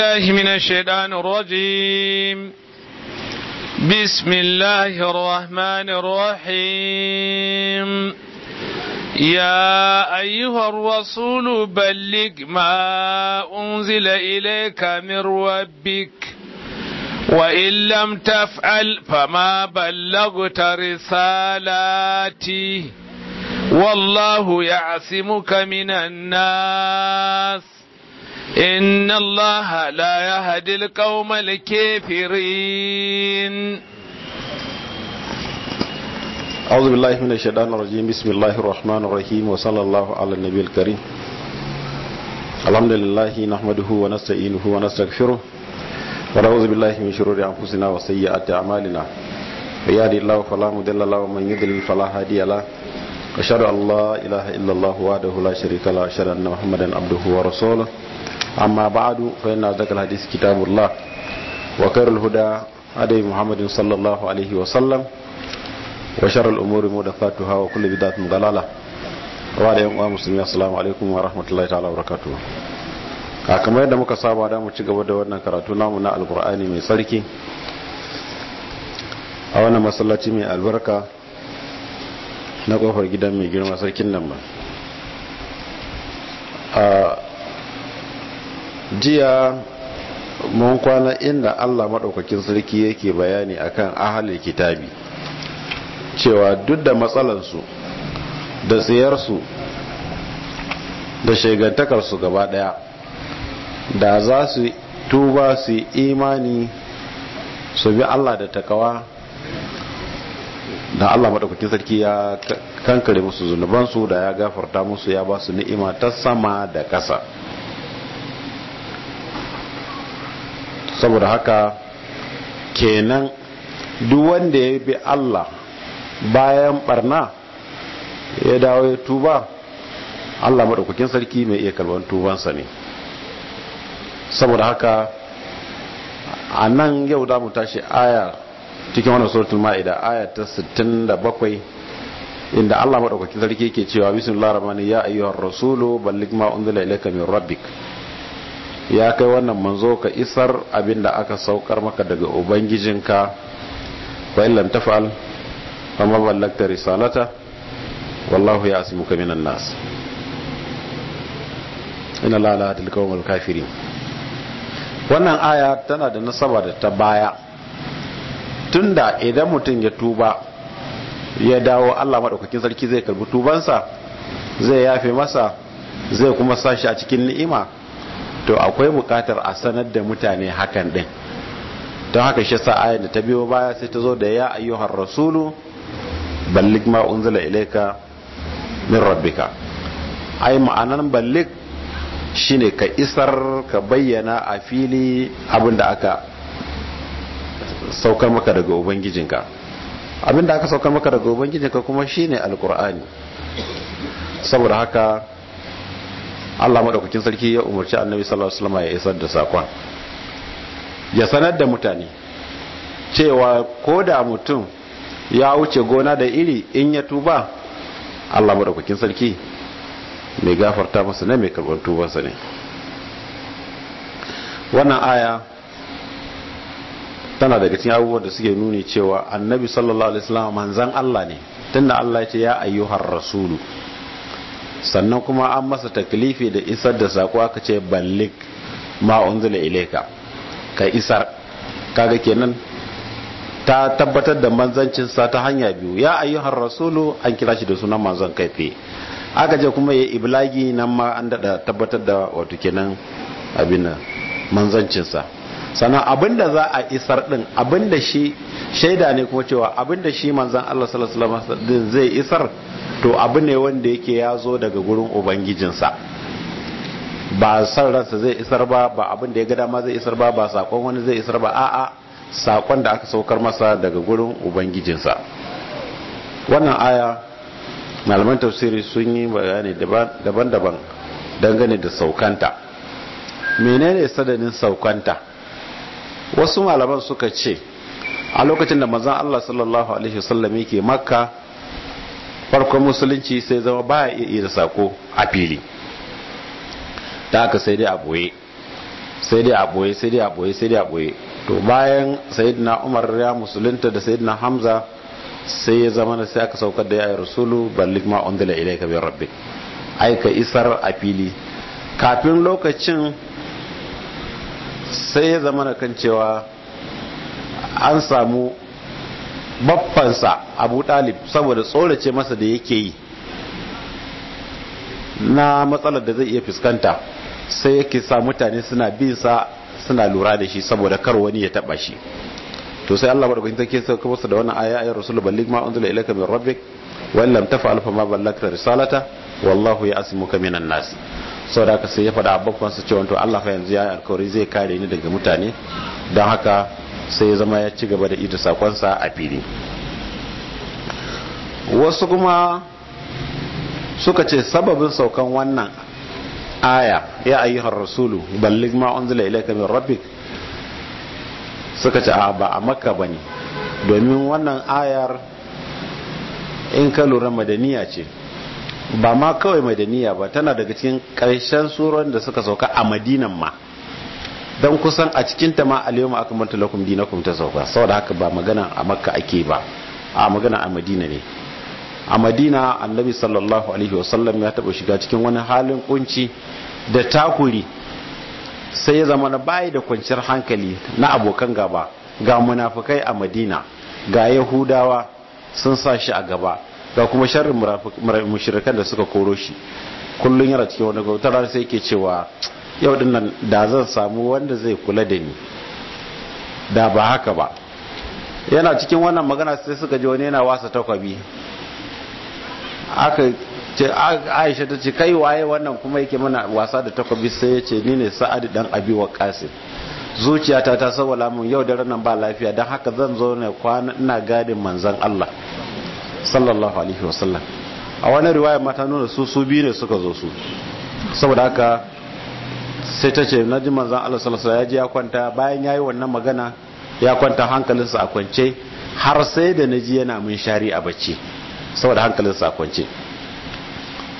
الله من الشيطان الرجيم بسم الله الرحمن الرحيم يا أيها الرسول بلغ ما أنزل إليك من ربك وإن لم تفعل فما بلغت رسالاتي والله يعصمك من الناس إن الله لا يهدي القوم الكافرين أعوذ بالله من الشيطان الرجيم بسم الله الرحمن الرحيم وصلى الله على النبي الكريم الحمد لله نحمده ونستعينه ونستغفره ونعوذ بالله من شرور أنفسنا وسيئات أعمالنا ويهدي الله فلا مضل له ومن يضلل فلا هادي له أشهد أن لا إله إلا الله وحده لا شريك له أشهد أن محمدا عبده ورسوله أما بعد فإن أصدق الحديث كتاب الله وكر الهدى هدي محمد صلى الله عليه وسلم وشر الأمور مدفاتها وكل بدعة ضلالة وعليكم مسلمين السلام عليكم ورحمة الله تعالى وبركاته كما kamar yadda muka saba da mu من القرآن من صاركي أولا ما na alkur'ani mai sarki a wannan masallaci mai albarka na jiya mun kwana inda Allah maɗaukakin sarki yake bayani akan ahalin kitabi cewa duk da matsalansu da tsayarsu da shaigantakarsu gaba ɗaya da za su tuba su imani su bi Allah da takawa da Allah maɗaukakin sarki ya kankare musu zunubansu da ya gafarta musu ya ba su ni'ima ta sama da ƙasa saboda haka kenan duk wanda ya bi Allah bayan barna ya dawo ya tuba Allah maɗaukakin sarki mai iya karban tubansa ne saboda haka a nan yau damu tashi aya cikin wannan suratul ma'ida aya ta 67 inda Allah madaukakin sarki ke cewa bismillahir rahmanir ya ayyuhar rasulu balligh ma unzila ilaka min rabbik ya kai wannan manzo ka isar abinda aka saukar maka daga ubangijinka fa illam taf'al fa ma ballagta risalata wallahu ya'simuka minan nas inna la la kafirin wannan aya tana da nasaba da ta baya tunda idan mutum ya tuba ya dawo Allah madaukakin sarki zai karbi tubansa zai yafe masa zai kuma sashi a cikin ni'ima to akwai bukatar a sanar da mutane hakan din don haka shi sa ayar da ta biyo baya sai ta zo da ya ayyuhar rasulu ballik ma unzila ilaika min rabbika ai ma'anan ballig shine ka isar ka bayyana a fili abinda aka saukar maka daga ubangijinka abinda aka saukar maka daga ubangijinka kuma shine alkur'ani saboda haka Allah madaukakin sarki ya umarci annabi sallallahu alaihi wasallam ya isar da sakon ya sanar da mutane cewa ko da mutum ya wuce gona da iri in ya tuba Allah madaukakin sarki mai gafarta masa ne mai karɓar tubansa ne wannan aya tana daga cikin abubuwan da suke nuni cewa annabi sallallahu alaihi wasallam manzon Allah ne tunda Allah ya ce ya ayyuhar rasulu sannan kuma an masa taklifi da isar da sako aka ce ballik ma unzila ilayka ka isar kaga kenan ta tabbatar da manzancin sa ta hanya biyu ya ayyuhar rasulu an kira shi da sunan manzon kaife aka je kuma ya iblagi nan ma an dada tabbatar da wato kenan abin manzancin sa sannan abinda za a isar din abinda shi shaida ne kuma cewa abinda shi manzon Allah sallallahu alaihi wasallam zai isar to abu ne wanda yake ya zo daga gurin ubangijinsa ba san ransa zai isar ba ba abin da ya ga dama zai isar ba ba sakon wani zai isar ba a'a sakon da aka saukar masa daga gurin ubangijinsa wannan aya malaman tafsiri sun yi bayani daban-daban dangane da saukanta menene sadanin saukanta wasu malaman suka ce a lokacin da mazan Allah sallallahu alaihi wasallam yake makka farkon musulunci sai zama ba iya iya sako a fili da aka sai dai a boye sai dai a boye sai dai a boye sai dai a boye to bayan sayyidina umar ya musulunta da sayyidina hamza sai ya zama na sai aka saukar da ya rasulu ballik ma undila ilayka bi rabbi aika isar a fili kafin lokacin sai ya zama na kan cewa an samu baffansa abu talib saboda tsorace masa da yake yi na matsalar da zai iya fuskanta sai yake sa mutane suna bin sa suna lura da shi saboda kar wani ya taba shi to sai Allah madaukakin take sauka masa da wannan aya ayar rasul balligh ma unzila ilayka min rabbik wa lam taf'al fa ma ballagta risalata wallahu ya'simuka minan nas saboda haka sai ya faɗa babban cewa to Allah fa yanzu ya alkawari zai kare ni daga mutane don haka sai ya zama ya ci gaba da ita sakonsa a fili wasu kuma suka ce sababin saukan wannan aya ya ayyuhar rasulu ballig ma unzila ilayka min rabbik suka ce a ba a makka bane domin wannan ayar in ka lura madaniya ce ba ma kawai madaniya ba tana daga cikin ƙarshen suran da suka sauka a madinan ma don kusan a cikin ta ma alyawma aka lakum dinakum ta sau da haka ba magana a makka ake ba a magana a madina ne a madina annabi sallallahu alaihi wasallam ya taba shiga cikin wani halin kunci da takuri sai ya zama na bayi da kwanciyar hankali na abokan gaba ga munafukai a madina ga yahudawa sun sa shi a gaba ga kuma sharrin mushrikan da suka koro shi kullum yana cikin wani gautar sai ke cewa yau din da zan samu wanda zai kula da ni da ba haka ba yana cikin wannan magana sai suka ji wani yana wasa takwabi aka ce aisha ta ce kai waye wannan kuma yake mana wasa da takwabi sai ya ce ni ne sa'adu dan abi wa kasim zuciyata ta sawala mun yau da ranar ba lafiya don haka zan zo ne kwana ina gadin manzan Allah sallallahu alaihi wasallam a wani riwaya mata nuna su su biyu ne suka zo su saboda haka sai ta ce na ji manzan Allah sallallahu ya ji ya kwanta bayan yayi wannan magana ya kwanta hankalinsa a kwance har sai da naji yana mun shari a bacci saboda hankalinsa a kwance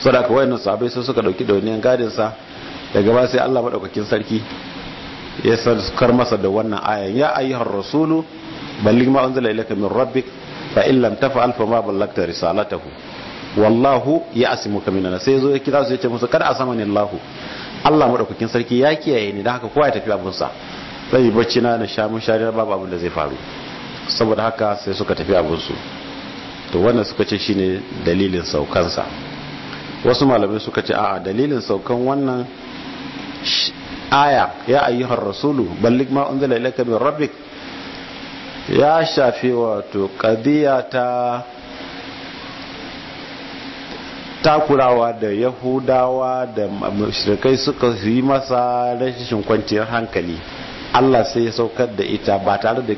saboda ka wayannan sai suka dauki dauniyan gadin sa daga ba sai Allah madaukakin sarki ya kar masa da wannan ayan ya ayyuhar rasulu balli ma unzila ilaka min rabbik fa in lam taf'al fa ma ballagta risalatahu wallahu ya asimuka minan sai zo ya kira su ya ce musu kada asamani Allah maɗaukakin sarki ya kiyaye ni da haka kowa ya tafi abunsa zai yi bacci na na sha mun shari'ar babu abin da zai faru saboda haka sai suka tafi abunsu to wannan suka ce shine dalilin saukansa wasu malamai suka ce a'a dalilin saukan wannan aya ya ayyuhar rasulu ballig ma unzila ilayka min rabbik ya shafi wato qadiyata takurawa da yahudawa da mashirkai suka yi masa rashin kwanciyar hankali allah sai ya saukar da ita ba tare da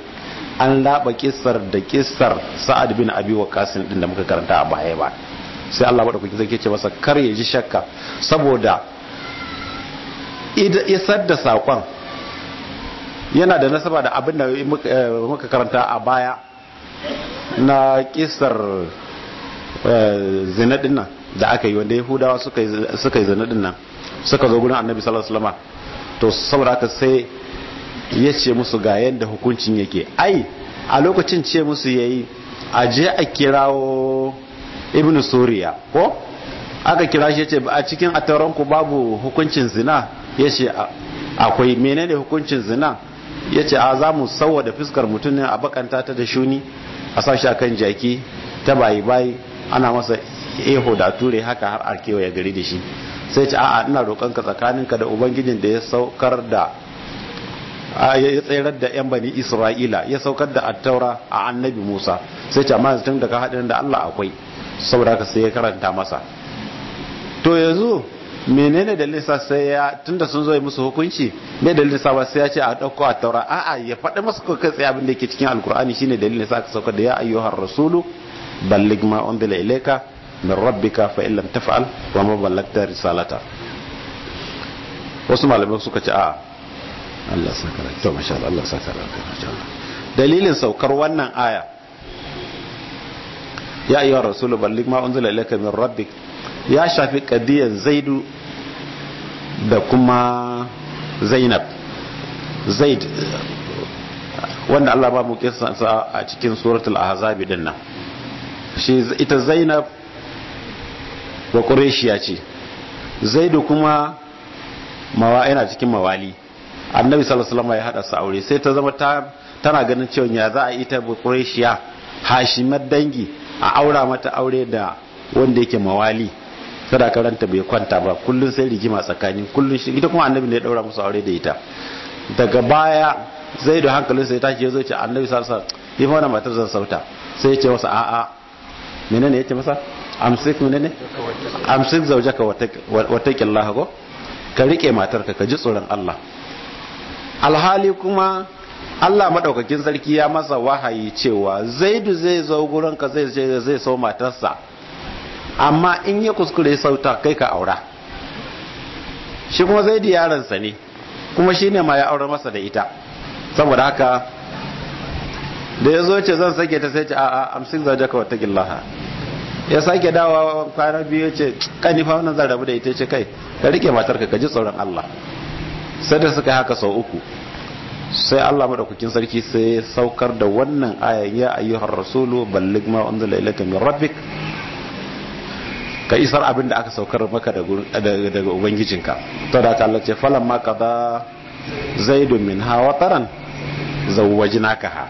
an laba kisar da kisar sa'ad bin abi kasin din da muka karanta a baya ba sai allah madaukaki ke ce masa kar ya ji shakka saboda isar da saƙon yana da nasaba da abin da muka eh, karanta a baya na kisar eh, zinadin nan da aka yi wanda yahudawa suka yi zanadin dinnan suka zo gudun annabi salasalama to saboda aka sai ya ce musu ga yadda hukuncin yake ai a lokacin ce musu ya yi a je a kirawo ibn suriya ko aka kira shi ya ce a cikin ataronku babu hukuncin zina ya ce akwai menene hukuncin zina ya ce a za mu sauwa da fuskar mutum ne a bakanta ta da shuni a sashi akan jaki ta bayi bayi ana masa eho da ture haka har a kewaye gari da shi sai ce a'a ina roƙonka tsakaninka da ubangijin da ya saukar da ya tsayar da yan bani isra'ila ya saukar da attaura a annabi musa sai ce amma tun daga haɗin da allah akwai saboda ka sai ya karanta masa to yanzu menene dalilin sa sai ya tunda sun zo musu hukunci me dalilin sa ba sai ya ce a dauko a taura a'a ya faɗi masa ko kai tsaye abin da yake cikin alkur'ani shine dalilin sa ka sauka da ya ayyuhar rasulu balligh ma unzila ilayka min rabbika fa in lam taf'al wa ma wasu malamai suka ci a Allah to masha Allah Allah dalilin saukar wannan aya ya ayyuha rasulu balligh ma unzila ilayka min rabbik ya shafi qadiyan zaidu da kuma zainab zaid wanda Allah ba mu kisa a cikin suratul ahzab din nan shi ita zainab ba ƙureshiya ce da kuma yana cikin mawali annabi salasalama ya hada su aure sai ta zama tana ganin cewa ya za a ta ba ƙureshiya hashimar dangi a aura mata aure da wanda yake mawali karanta bai kwanta ba kullum sai rigima tsakanin kullum shi ita kuma annabi ne ya daura musu aure da ita daga baya zai da hankalin sai tashi yazo ce annabi sallallahu alaihi wasallam matar zan sauta sai ya ce masa a'a menene ya ce masa amsik ne amsik zaujaka wattaqillah ko ka rike matarka ka ji tsoron Allah alhali kuma Allah madaukakin sarki ya masa wahayi cewa zaidu zai zo gurin ka zai je zai sau matarsa amma in ya kuskure sauta kai ka aura shi kuma zaidu yaransa ne kuma shine ma ya aure masa da ita saboda haka da ya zo ce zan sake ta sai ce a'a amsik zaujaka gillaha ya sake dawa kwana biyu ce kani fa wannan zan rabu da ita ce kai ka rike matarka ka ji tsoron Allah sai da suka haka sau uku sai Allah madaukakin sarki sai saukar da wannan ayan ya ayyuhar rasulu balligh ma unzila ilayka min rabbik ka isar abin da aka saukar maka daga ubangijinka to da ta Allah ce falan ma kaza zaidun min hawa taran ha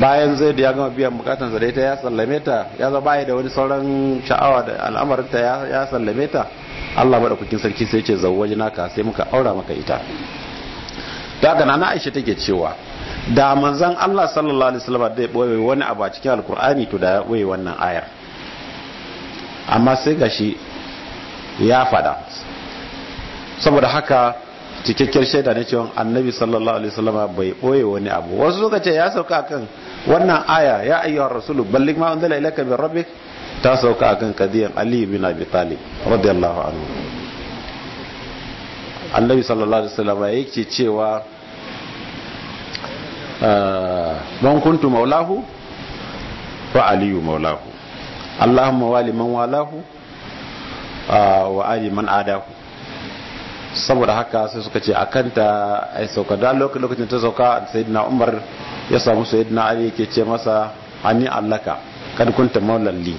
bayan zai da ya gama biyan bukatan sa da ya sallame ta ya zama ya da wani sauran sha'awa da al'amarin ta ya sallame ta Allah madaukakin sarki sai ce zawwaji naka sai muka aura maka ita daga nana Aisha take cewa da manzon Allah sallallahu alaihi wasallam da ya boye wani abu a cikin alkur'ani to da ya boye wannan ayar amma sai gashi ya fada saboda haka cikakkiyar shaida ne cewa annabi sallallahu alaihi wasallama bai boye wani abu wasu suka ce ya sauka akan wannan aya ya ayyuhar rasulu ballig ma unzila ilayka min rabbik ta sauka akan kadiyan ali bin abi talib radiyallahu anhu annabi sallallahu alaihi wasallama yake cewa ah, man kuntu maulahu fa aliyu maulahu allahumma wali man walahu ah, wa ali man adahu saboda haka sai suka ce a kanta a yi sauka da lokacin ta sauka sayidina umar ya samu sayidina ali ke ce masa ani allaka kad kunta maulan li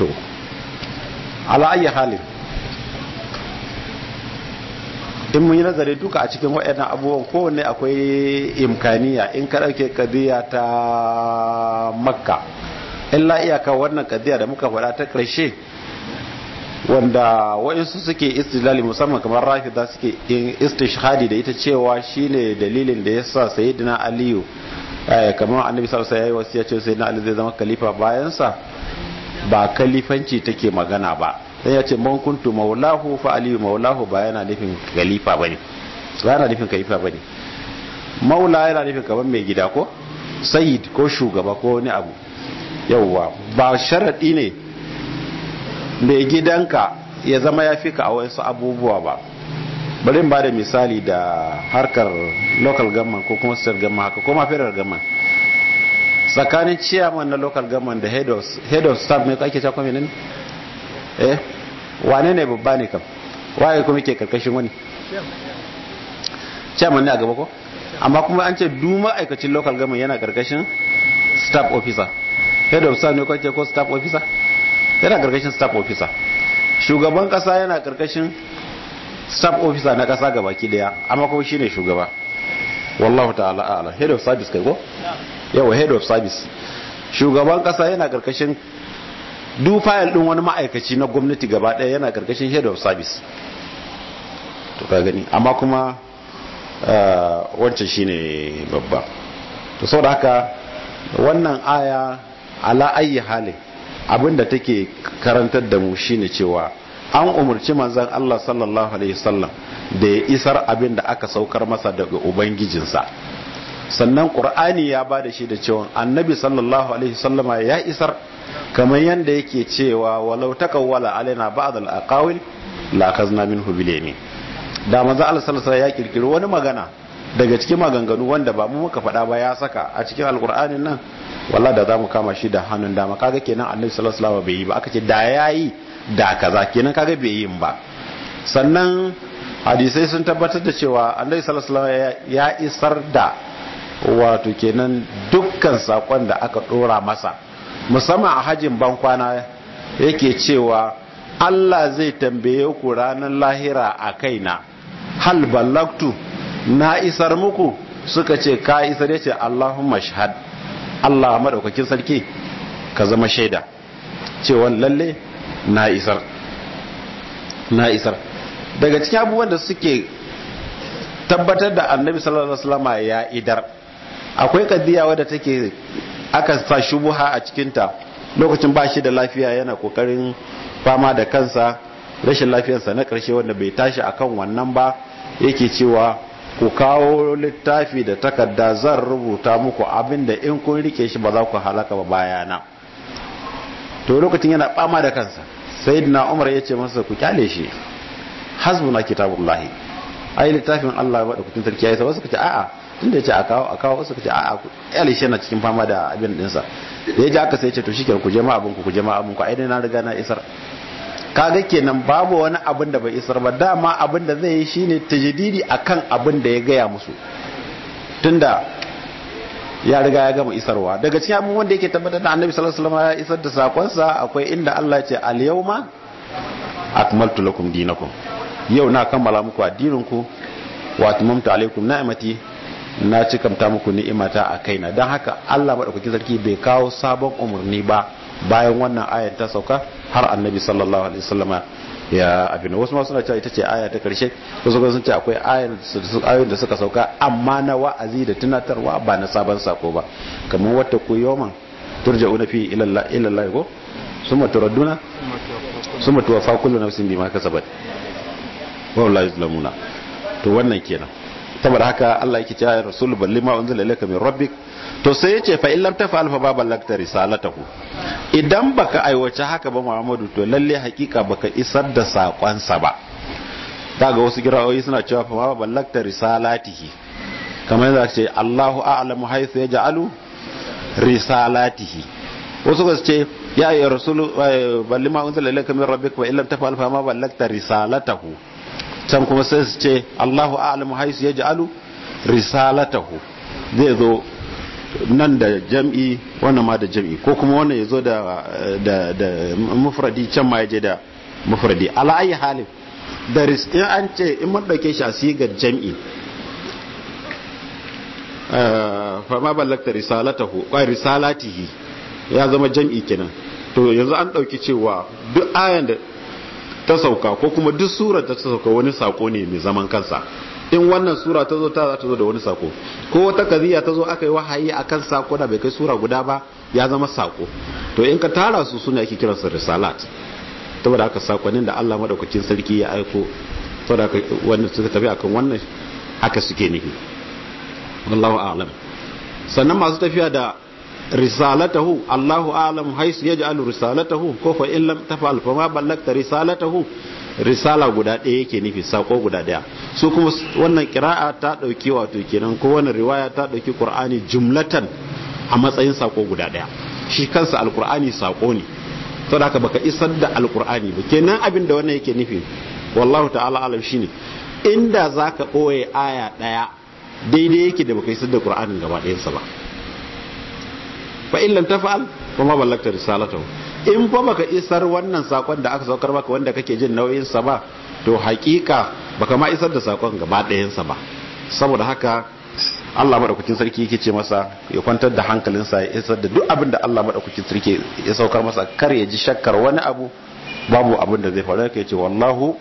to ala halin in mun yi nazari duka a cikin waɗannan abubuwan kowane akwai imkaniya in ka ɗauke kadiya ta makka in iyaka wannan kadiya da muka faɗa ta ƙarshe wanda waɗansu suke istilali musamman kamar rafida suke istishhadi da ita cewa shine dalilin da ya sa sayyidina aliyu eh, kamar annabi ya yi wasu ya ce sayyidina aliyu zai zama kalifa bayansa ba kalifanci take magana ba sai ya ce mankuntu maulahu fa aliyu maulahu ba yana nufin kalifa ba ne? ba yana nufin kalifa ba ne maula yana nufin kamar mai gida ko sayyid ko shugaba ko wani abu yauwa ba sharaɗi ne mai gidanka ya zama ya fi ka a wasu abubuwa ba bari ba da misali da harkar local government ko kuma state government haka kuma federal government tsakanin chairman na local government da head of staff ne ake cewa ne eh wane ne babba ne kam waye kuma ke karkashin wani chairman ne a gaba ko amma kuma an ce duma aikacin local government yana karkashin staff officer head of staff ne kwace ko staff officer yana karkashin staff officer shugaban kasa yana karkashin staff officer na kasa gabaki daya amma kuma shine shugaba wallahu ta'ala a'ala head of service kai ko yawa head of service shugaban kasa yana karkashin duk fayil din wani ma'aikaci na gwamnati gaba daya yana karkashin head of service to ka gani amma kuma eh, wancan shine babba to saboda haka wannan aya ala ayi halin Abin abinda take karantar da mu shine cewa an umarci manzan Allah sallallahu alaihi wasallam da ya isar abin da aka saukar masa daga ubangijinsa sannan ƙur'ani ya ba da shi da cewa annabi sallallahu alaihi wasallam ya isar kamar yadda yake cewa walau takawwala alaina ba'd al-aqawil la kazna minhu bilayni da manzon Allah sallallahu ya kirkiri wani magana daga cikin maganganu wanda ba mu muka faɗa ba ya saka a cikin alkur'anin nan walla da zamu kama shi da hannun dama kaga kenan annabi sallallahu alaihi wasallam bai yi ba aka ce da yayi da kaza kenan kaga bai yi ba sannan hadisai sun tabbatar da cewa annabi sallallahu alaihi wasallam ya isar da wato kenan dukkan sakon da aka dora masa musamman a hajin bankwana yake cewa Allah zai tambaye ku ranar lahira a kaina hal ballaktu na isar muku suka ce ka isar yace Allahumma shahad Allah madaukakin sarki ka zama shaida cewa lalle na isar na isar daga cikin abubuwan da suke tabbatar da annabi sallallahu alaihi wasallama ya idar akwai kadiya wadda take aka sa shubuha a cikinta lokacin ba shi da lafiya yana kokarin fama da kansa rashin lafiyarsa na ƙarshe wanda bai tashi akan wannan ba yake cewa ku kawo littafi da takarda zan rubuta muku abinda in kun rike shi ba za ku halaka ba bayana to lokacin yana bama da kansa sayyidina umar ya ce masa ku kyale shi hasbuna kitabullahi ai littafin Allah ba da kutun sarki sa, wasu kace a'a tunda ce a kawo a kawo wasu kace a'a ku kyale shi yana cikin fama da abin dinsa da ji aka sai ya ce to shikenan ku je ma abinku ku je ma abinku ai dai na riga na isar kaga kenan babu wani abin da bai isar ba dama abin da zai yi shine tajdidi akan abin da ya gaya musu tunda ya riga ya gama isarwa daga cikin abin wanda yake tabbatar da annabi sallallahu alaihi wasallam ya isar da sakonsa akwai inda Allah ya ce al yawma akmaltu lakum dinakum yau na kammala muku addinin ku wa atmamtu alaikum ni'mati na cikamta muku ni'imata a kaina don haka Allah madaukakin sarki bai kawo sabon umurni ba bayan wannan ayar ta sauka har annabi sallallahu alaihi wasallama ya abin wasu masu suna cewa ita ce aya ta karshe wasu kuma sun ce akwai ayoyin da suka sauka amma na wa'azi da tunatarwa ba na sabon sako ba kamar wata ku turja una fi ila Allah ko summa turadduna summa tuwaffa kullu nafsin bima kasabat wa la yuzlamuna to wannan kenan saboda haka Allah yake cewa rasul balli ma unzila ilayka min rabbik to sai yace fa illam ta fa'al fa baba lakta risalatahu idan baka aiwace haka ba Muhammadu to lalle hakika baka isar da sakon sa ba daga wasu girawoyi suna cewa fa baba lakta risalatihi kamar yadda ce Allahu a'lamu haythu yaj'alu risalatihi wasu ba su ce ya ayyuhar rasulu eh, balli ma unzila ilayka min rabbika wa illam tafa'al fa ma ballagta risalatahu can kuma sai su ce Allahu a'lamu haythu yaj'alu risalatahu zai zo nan da jam'i wannan ma da jam'i ko kuma wannan ya zo da mufradi can ma ya je da mufradi ala'ayi halin da in an ce in mun ɗauke shi a sigar jam'i eh, fama ballakta risalatahu ƙwai risalatihi ya zama jam'i kenan to yanzu an ɗauki cewa duk ayan da ta sauka ko kuma duk surar ta sauka wani sako ne mai zaman kansa in wannan sura ta zo ta za ta zo da wani sako ko wata kaziya ta zo aka yi wahayi akan sako da bai kai sura guda ba ya zama sako to in ka tara su suna yake su risalat bada haka sakonin da Allah madaukakin sarki ya aiko saboda haka wannan suka tafi akan wannan haka suke nihi wallahu a'lam sannan masu tafiya da risalatahu Allahu alam haisu ya ja'alu risalatahu ko لم تفعل فما بلغت رسالته risala guda ɗaya yake nufi sako guda ɗaya su kuma wannan kira'a ta ɗauki wato kenan ko wannan riwaya ta ɗauki Qur'ani jumlatan a matsayin sako guda ɗaya shi kansa alqur'ani sako ne da haka baka isar da alqur'ani ba kenan abin da wannan yake nufi wallahu ta'ala alam shine inda zaka ɓoye aya ɗaya daidai yake da baka isar da Qur'anin gaba ɗayansa ba fa in lam taf'al fa ma ballagta risalatahu in fa baka isar wannan sakon da aka saukar maka wanda kake jin nauyin sa ba to hakika baka ma isar da sakon gaba ɗayan sa ba saboda haka Allah madaukakin sarki yake ce masa ya kwantar da hankalinsa ya isar da duk abin da Allah madaukakin sarki ya saukar masa kar ya ji shakkar wani abu babu abin da zai faru kai ce wallahu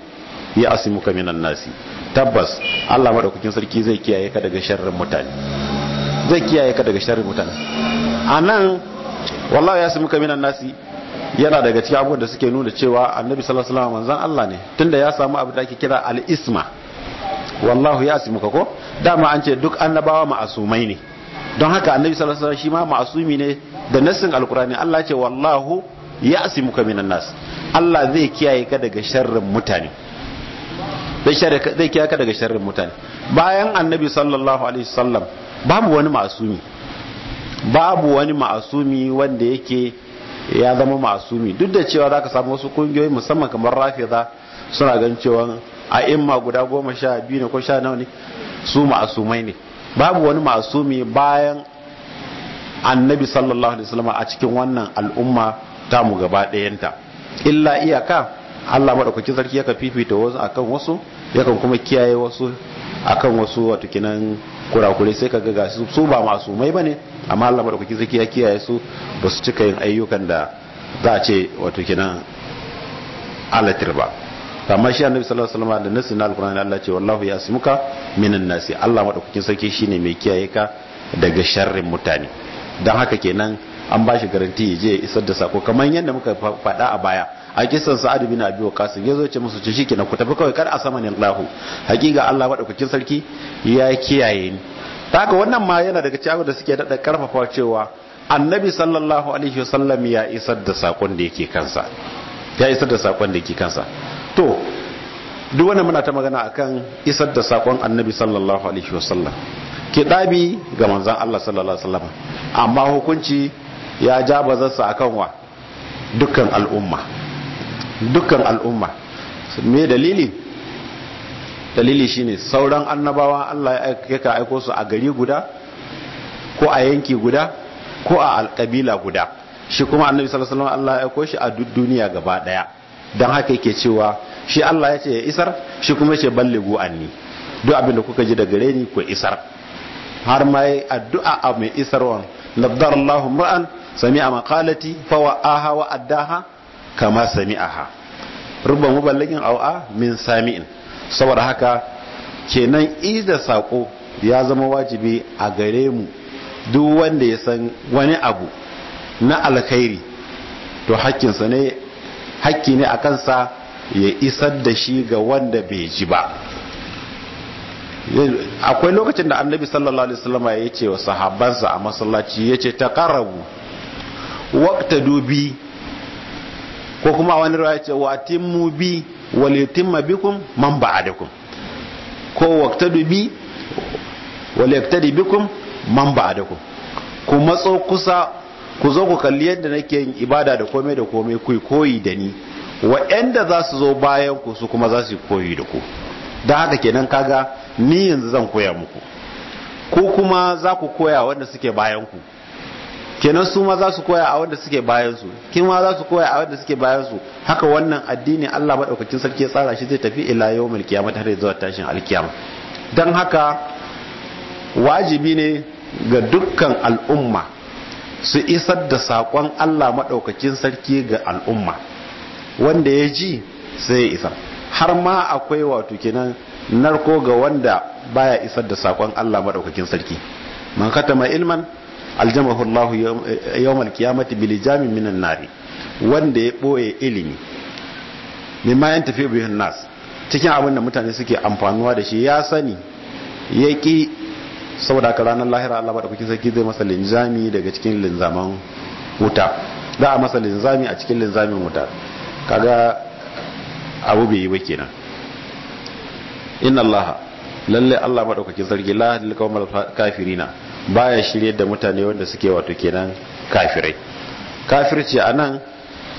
ya asimuka minan nasi tabbas Allah madaukakin sarki zai kiyaye ka daga sharrin mutane zai kiyaye ka daga sharrin mutane a nan wallawa ya sami kaminan nasi yana daga cikin abubuwan da suke nuna cewa annabi sallallahu alaihi wasallam manzon Allah ne tunda ya samu abu da ake kira al-isma wallahu ya asimuka ko dama an ce duk annabawa ma'asumai ne don haka annabi sallallahu alaihi wasallam shi ma ma'asumi ne da nassin alkurani Allah ya ce wallahu ya asimuka minan nas Allah zai kiyaye ka daga sharrin mutane zai kiyaye ka daga sharrin mutane bayan annabi sallallahu alaihi wasallam babu wani masumi babu wani masumi wanda yake ya zama masumi duk da cewa zaka samu wasu kungiyoyi musamman kamar rafiza suna gan cewa a imma guda goma sha biyu ne ko sha nawa ne su masumai ne babu wani masumi bayan annabi sallallahu alaihi wasallam a cikin wannan al'umma ta mu gaba ɗayanta illa iyaka Allah madaukakin sarki ya ka fifita wasu akan wasu yakan kuma kiyaye wasu akan wasu wato kinan kurakurai sai kaga ga su ba masu mai bane amma Allah madaukaki zaki ya kiyaye su ba su cika yin ayyukan da za a ce wato kenan alatir ba amma shi annabi sallallahu alaihi wasallam da nasin alqur'ani Allah ce wallahu yasmuka minan nasi Allah madaukakin sarki shine mai kiyaye ka daga sharrin mutane dan haka kenan an ba shi garanti ya je isar da sako kamar yadda muka faɗa a baya a kisan sa'ad bin abi waqas ya zo ce musu ce kina ku tafi kawai kar a sama ne Allahu hakika Allah madaukakin sarki ya kiyaye ni haka wannan ma yana daga cikin da suke dada karfafa cewa annabi sallallahu alaihi wasallam ya isar da sakon da yake kansa ya isar da sakon da yake kansa to duk wannan muna ta magana akan isar da sakon annabi sallallahu alaihi wasallam ɗabi ga manzon Allah sallallahu alaihi wasallam amma hukunci ya ja bazarsa akan wa dukkan al'umma dukkan al'umma me dalili dalili shine sauran annabawa Allah yaka aiko su a gari guda ko a yanki guda ko a alkabila guda shi kuma annabi sallallahu alaihi wasallam Allah ya aiko shi a duniya gaba daya dan haka yake cewa shi Allah ya ce ya isar shi kuma ce balligu anni duk abin da kuka ji da gare ni ku isar har ma yi addu'a a mai isarwan labdar Allahu mur'an sami'a maqalati fa wa'aha wa addaha kama sami'aha rubba muballagin au'a min sami'in saboda haka kenan ida sako ya zama wajibi a gare mu duk wanda ya san wani abu na alkhairi to hakkinsa ne hakki ne a kansa ya isar da shi ga wanda bai ji ba akwai lokacin da annabi sallallahu alaihi wasallam ya ce wa sahabbansa a masallaci ya ce ta karabu wakta dubi ko kuma wani ruwa ce wa timmu bi wal yutimma bikum man ba'adakum ko waqtadu bi wal bikum man ba'adakum ku matso kusa ku zo ku kalli yadda nake yin ibada da komai da komai ku koyi da ni wa'anda za su zo bayan ku su kuma za su koyi da ku da haka kenan kaga ni yanzu zan koya muku ko kuma za ku koya wanda suke bayan ku kenan su ma za su koya a wanda suke bayan su kin ma za su koya a wanda suke bayan su haka wannan addini Allah madaukakin sarki ya tsara shi zai tafi ila yawmul qiyamah har zuwa tashin alkiyama dan haka wajibi ne ga dukkan al'umma su isar da sakon Allah madaukakin sarki ga al'umma wanda ya ji sai ya isa har ma akwai wato kenan narko ga wanda baya isar da sakon Allah madaukakin sarki man katama ilman aljamahu allahu yawmal qiyamati bil jami minan nari wanda ya boye ilimi ma yan tafi bihin nas cikin abin da mutane suke amfanuwa da shi ya sani ya ki saboda ka ranar lahira Allah bada kuke sarki zai masa linzami daga cikin linzaman wuta za a masa linzami a cikin linzamin wuta kaga abu bai yi ba kenan inna Allah lalle Allah madaukakin sarki la kawmal kafirina baya shirye da mutane wanda suke wato kenan kafirai kafirci a nan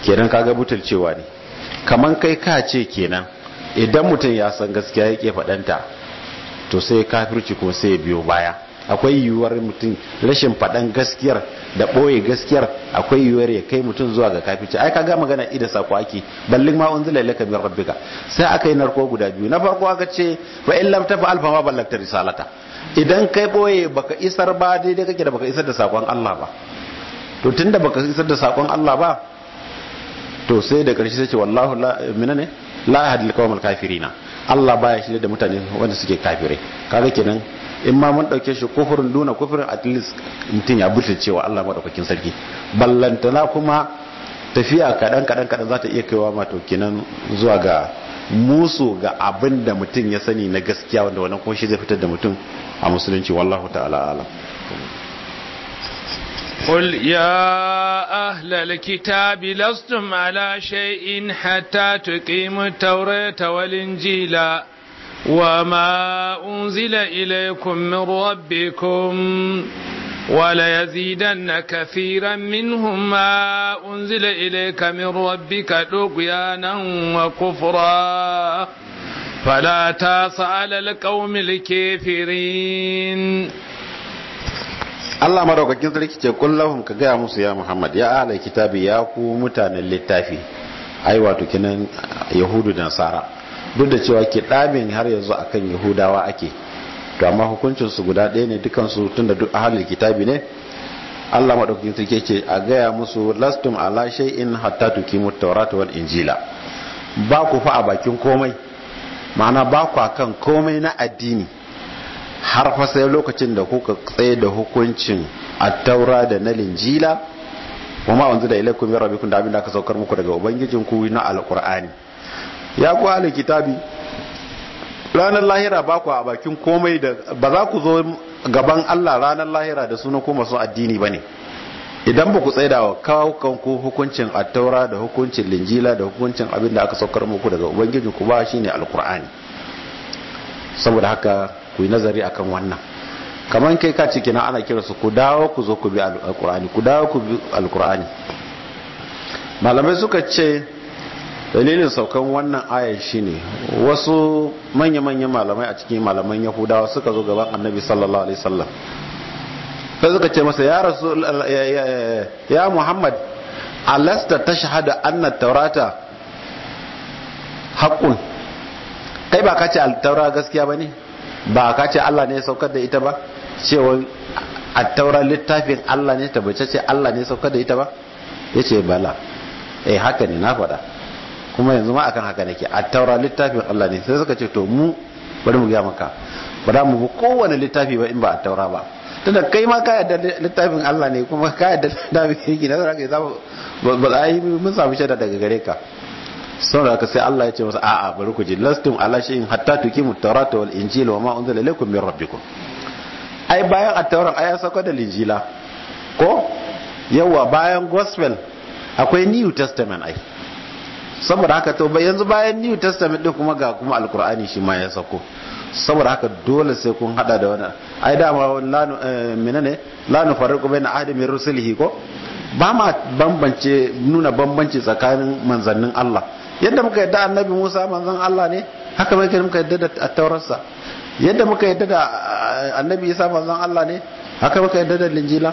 kenan kaga butulcewa ne kaman kai ka ce kenan idan mutum ya san gaskiya yake faɗanta to sai kafirci ko sai biyo baya akwai yiwuwar mutum rashin faɗan gaskiyar da ɓoye gaskiyar akwai yiwuwar ya kai mutum zuwa ga kafirci ai kaga magana ida sako ake ballin ma unzila ilaka min rabbika sai aka yi narko guda biyu na farko aka ce fa illam tafa alfa ma risalata idan kai boye baka isar ba daidai kake da baka isar da sakon Allah ba to tunda baka isar da sakon Allah ba to sai da ƙarshe sai ce wallahu la mina ne la hadil qawmal kafirina Allah baya shirye da mutane wanda suke kafirai kaga kenan in ma mun dauke shi kufurin duna kufurin at least mutun ya butul cewa Allah madaukakin sarki ballantana kuma tafiya kadan kadan kadan zata ta iya kaiwa ma to kenan zuwa ga musu ga abin da mutum ya sani na gaskiya wanda wannan kuma shi zai fitar da mutum a musulunci wallahu ta'ala alam قل يا أهل الكتاب لستم على شيء حتى تقيموا التوراة والإنجيل وما أنزل إليكم من ربكم وليزيدن كثيرا منهم ما أنزل إليك من ربك طغيانا وكفرا فلا تاس على القوم الكافرين Allah madaukakin sarki ce kullahum ka gaya musu ya Muhammad ya ala kitabi ya ku mutanen littafi ai wato kinan yahudu da nasara duk da cewa kidamin har yanzu akan yahudawa ake to amma hukuncin su guda ɗaya ne dukan su tunda duk ahalin kitabi ne Allah madaukakin sarki ce a gaya musu lastum ala shay'in hatta tukimu tawrata wal injila ba ku fa a bakin komai ma'ana ba ku akan komai na addini har fa sai lokacin da kuka tsaye da hukuncin at-taura da na linjila kuma wanzu da ilaikum ya rabbikum da abinda aka saukar muku daga ubangijinku na alqur'ani ya ku ahlul kitabi ranar lahira ba ku a bakin komai da ba za ku zo gaban Allah ranar lahira da suna kuma su addini ba ne idan ba ku tsaida wa kawo kanku hukuncin attaura da hukuncin linjila da hukuncin abin da aka saukar muku daga ubangijin ku ba ne alkur'ani saboda haka ku yi nazari akan wannan kamar kai ka ciki na ana kira su ku dawo ku zo ku bi alkur'ani ku dawo ku bi alkur'ani malamai suka ce dalilin saukan wannan ayar shine wasu manya-manyan malamai a cikin malaman yahudawa suka zo gaban annabi sallallahu alaihi sallam sai suka ce masa ya rasu ya muhammad alasta shahada anna taurata haƙun kai ba ka ce al-taura gaskiya ne? ba ka ce Allah ne ya saukar da ita ba cewa altaura littafin Allah ne tabbace ce Allah ne saukar da ita ba ya ce bala eh haka ne na faɗa kuma yanzu ma akan haka nake at-taura littafin Allah ne sai suka ce to mu bari mu ga maka ba da mu bi kowane littafi ba in ba at-taura ba tunda kai ma ka yadda littafin Allah ne kuma ka yadda littafin yake na zaka za ba za yi mun samu shaida daga gare ka saboda ka sai Allah ya ce masa a'a bari ku ji lastum ala shay'in hatta tukimu at-taurata wal injil wa ma unzila lakum min rabbikum ai bayan at-tauran ai ya sauka da linjila ko yawa bayan gospel akwai new testament ai saboda haka to yanzu bayan new testament din kuma ga kuma alkur'ani shi ma ya sako saboda haka dole sai kun hada da wannan ai dama lanu eh, menene lanu farqu baina ahadi min rusulihi ko ba ma bambance nuna bambanci tsakanin manzannin Allah yadda muka yadda annabi Musa manzon Allah ne haka muka muka yadda da taurarsa yadda muka yadda da eh, annabi Isa manzon Allah ne haka muka yadda da linjila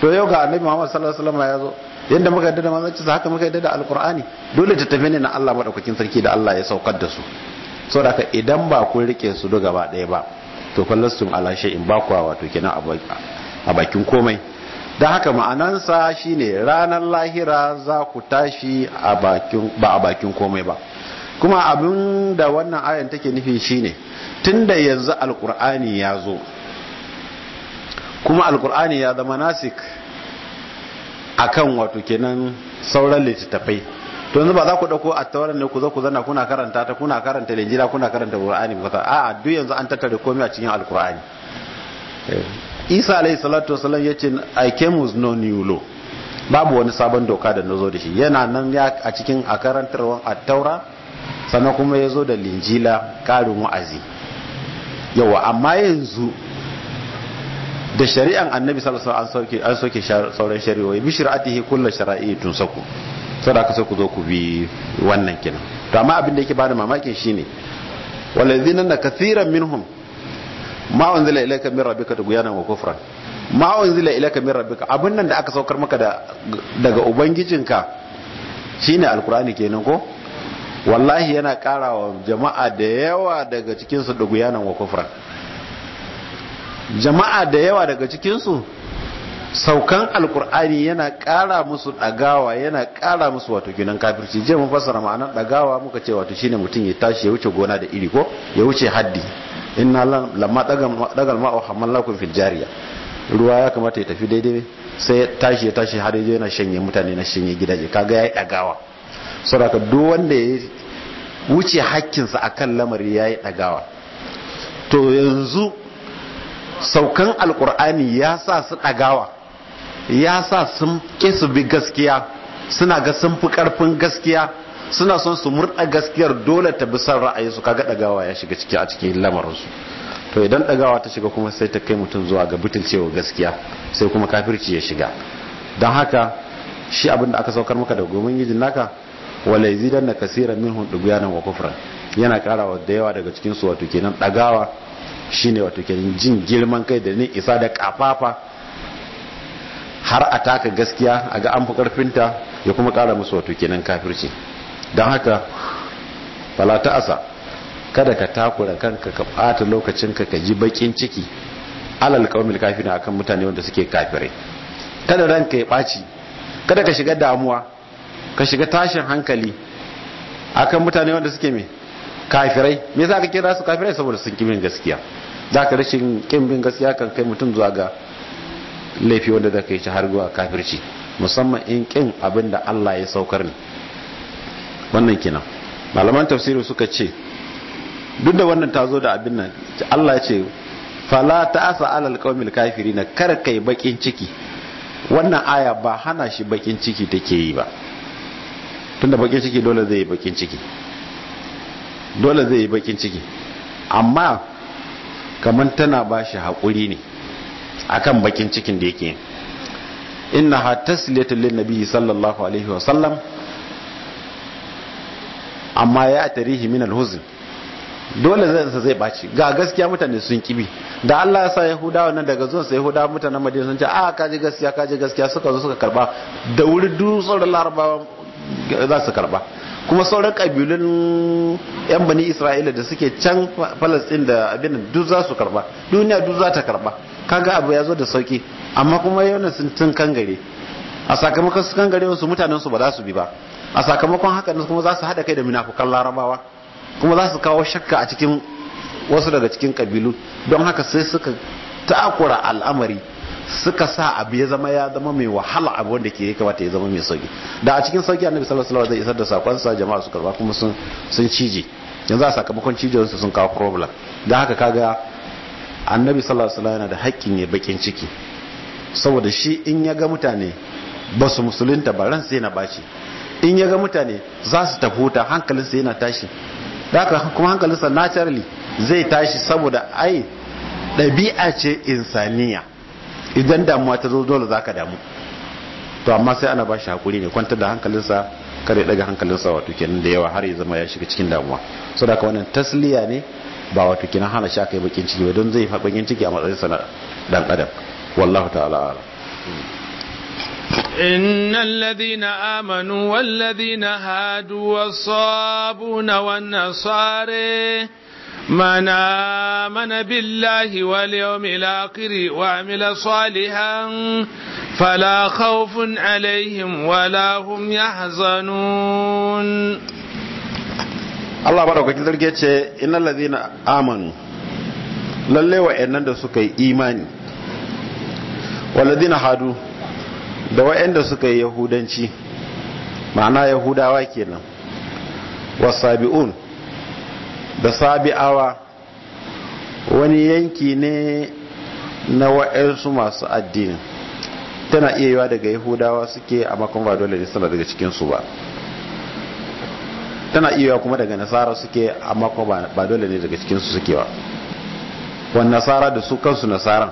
to yau ga annabi Muhammad sallallahu alaihi wasallam ya zo yadda muka yadda da manzancinsa haka muka yadda da alkur'ani dole ta tafi ne na Allah maɗaukakin sarki da Allah ya saukar da su sau da idan ba kun rike su duk gaba ɗaya ba to fallastum ala shay'in ba kuwa wato kenan a bakin komai da haka ma'anansa shine ranar lahira za ku tashi ba a bakin komai ba kuma abin da wannan ayan take nufi shine tunda yanzu alkur'ani ya zo kuma alkur'ani ya zama nasik akan wato kenan sauran littattafai to yanzu ba za ku dauko attawar ne ku zo ku zana kuna karanta ta kuna karanta linjira kuna karanta qur'ani ba ta a'a duk yanzu an tattare komai a cikin alqur'ani eh. isa alayhi salatu wasallam yace i came with no new law babu wani sabon doka da nazo da shi yana nan ya a cikin a karantarwar attaura sannan kuma ya zo da linjila karin wa'azi yawa amma yanzu da shari'an annabi sallallahu alaihi wasallam an soke sauran shari'o'i bi shir'atihi kullu shara'i tun saku saboda aka sai ku zo ku bi wannan kenan to amma abin da yake bada mamakin shine walazina na kathiran minhum ma unzila ilayka min rabbika tughyanan wa kufran ma unzila ilayka min rabbika abin nan da aka saukar maka da daga ubangijinka shine alqur'ani kenan ko wallahi yana karawa jama'a da yawa daga cikin su duguyanan wa kufran jama'a da yawa daga cikinsu saukan alkur'ani yana ƙara musu ɗagawa yana ƙara musu wato ginan kafirci jiya mun fassara ma'anar ɗagawa muka ce wato shine mutum ya tashi ya wuce gona da iri ko ya wuce haddi inna lamma dagal ma'u hamallakum fil jariya ruwa ya kamata ya tafi daidai sai tashi ya tashi har yaje yana shanye mutane na shanye gidaje kaga yayi dagawa saboda duk wanda ya wuce hakkinsa akan lamari yayi ɗagawa to yanzu saukan alkur'ani ya sa su ɗagawa ya sa sun ƙi su bi gaskiya suna ga sun fi ƙarfin gaskiya suna son su murɗa gaskiyar dole ta bi son ra'ayi su kaga ɗagawa ya shiga ciki a cikin lamarinsu to idan ɗagawa ta shiga kuma sai ta kai mutum zuwa ga butulcewa gaskiya sai kuma kafirci ya shiga don haka shi abin da aka saukar maka da gomin yijin naka wala na kaseeran minhum dughyanan wa kufran yana karawa da yawa daga cikinsu wato kenan ɗagawa shine wato kenan jin girman kai da ni isa da kafafa har a taka gaskiya a ga an fi karfinta ya kuma kara musu wato kenan kafirci don haka ta asa kada ka takura kanka ka bata lokacinka ka ji bakin ciki alal kawamil kafina akan mutane wanda suke kafirai kada ranka ya ɓaci kada ka shiga damuwa ka shiga tashin hankali akan mutane wanda suke mai kafirai me yasa aka kira su kafirai saboda sun kimin gaskiya za ka rashin kimin gaskiya kan kai mutum zuwa ga laifi wanda zaka yi har zuwa kafirci musamman in kin abin Allah ya saukar ne wannan kenan malaman tafsiri suka ce duk da wannan ta zo da abin nan Allah ya ce fala ta'asa alal kafiri kafirina kar kai bakin ciki wannan aya ba hana shi bakin ciki take yi ba tunda bakin ciki dole zai yi bakin ciki dole zai yi bakin ciki amma kamar tana ba shi haƙuri ne akan bakin cikin da yake inna ha tasliyatul linnabi sallallahu alaihi wa sallam amma ya tarihi min alhuzn dole zai zai baci ga gaskiya mutane sun kibi da Allah ya sa Yahudawa nan daga zuwan sa Yahudawa mutanen Madina sun ce a kaji gaskiya kaji gaskiya suka zo suka karba da wuri dusar Larabawa za su karba kuma sauran kabilun yan bani isra'ila da suke can falastin da abin duk za su karba duniya duk za ta karba kaga abu ya zo da sauki amma kuma yawan sun tun kangare a sakamakon su kangare wasu mutanen su ba za su bi ba a sakamakon haka kuma za su haɗa kai da munafukan larabawa kuma za su kawo shakka a cikin wasu daga cikin kabilu don haka sai suka takura al'amari suka sa abu ya zama ya zama mai wahala abu wanda ke kamata ya zama mai sauki da a cikin sauki annabi sallallahu alaihi wasallam zai isar da sakon sa jama'a su karba kuma sun sun cije yanzu a sakamakon cijewar su sun kawo problem da haka kaga annabi sallallahu alaihi wasallam yana da haƙƙin ya bakin ciki saboda shi in ya ga mutane ba su musulunta ba ran sai na baci in ya ga mutane za su tafi huta sai yana tashi da haka kuma hankalinsa naturally zai tashi saboda ai ɗabi'a ce insaniya idan damuwa ta zo dole za ka damu to amma sai ana ba shi haƙuri ne kwantar da hankalinsa kare daga hankalinsa wato kenan da yawa har ya zama ya shiga cikin damuwa so da wannan tasliya ne ba wato kenan hana shi akai yi bakin ciki ba don zai fa bakin ciki a matsayin sa na dan adam wallahu ta'ala ala إن الذين آمنوا والذين هادوا والصابون والنصارى من آمن بالله واليوم الآخر وعمل صالحا فلا خوف عليهم ولا هم يحزنون Allah maɗaukakin sarki ce inna lazina amanu lalle wa'annan da suka yi imani wa walazina hadu da da suka yi yahudanci ma'ana yahudawa kenan wasabi'un da sabi'awa wani yanki ne na wa'yansu masu addini tana iya yiwa daga yahudawa suke a makon ba dole ne suna daga cikinsu ba tana iya yiwa kuma daga nasara suke a makon ba dole ne daga cikinsu suke ba wani nasara da su kansu nasaran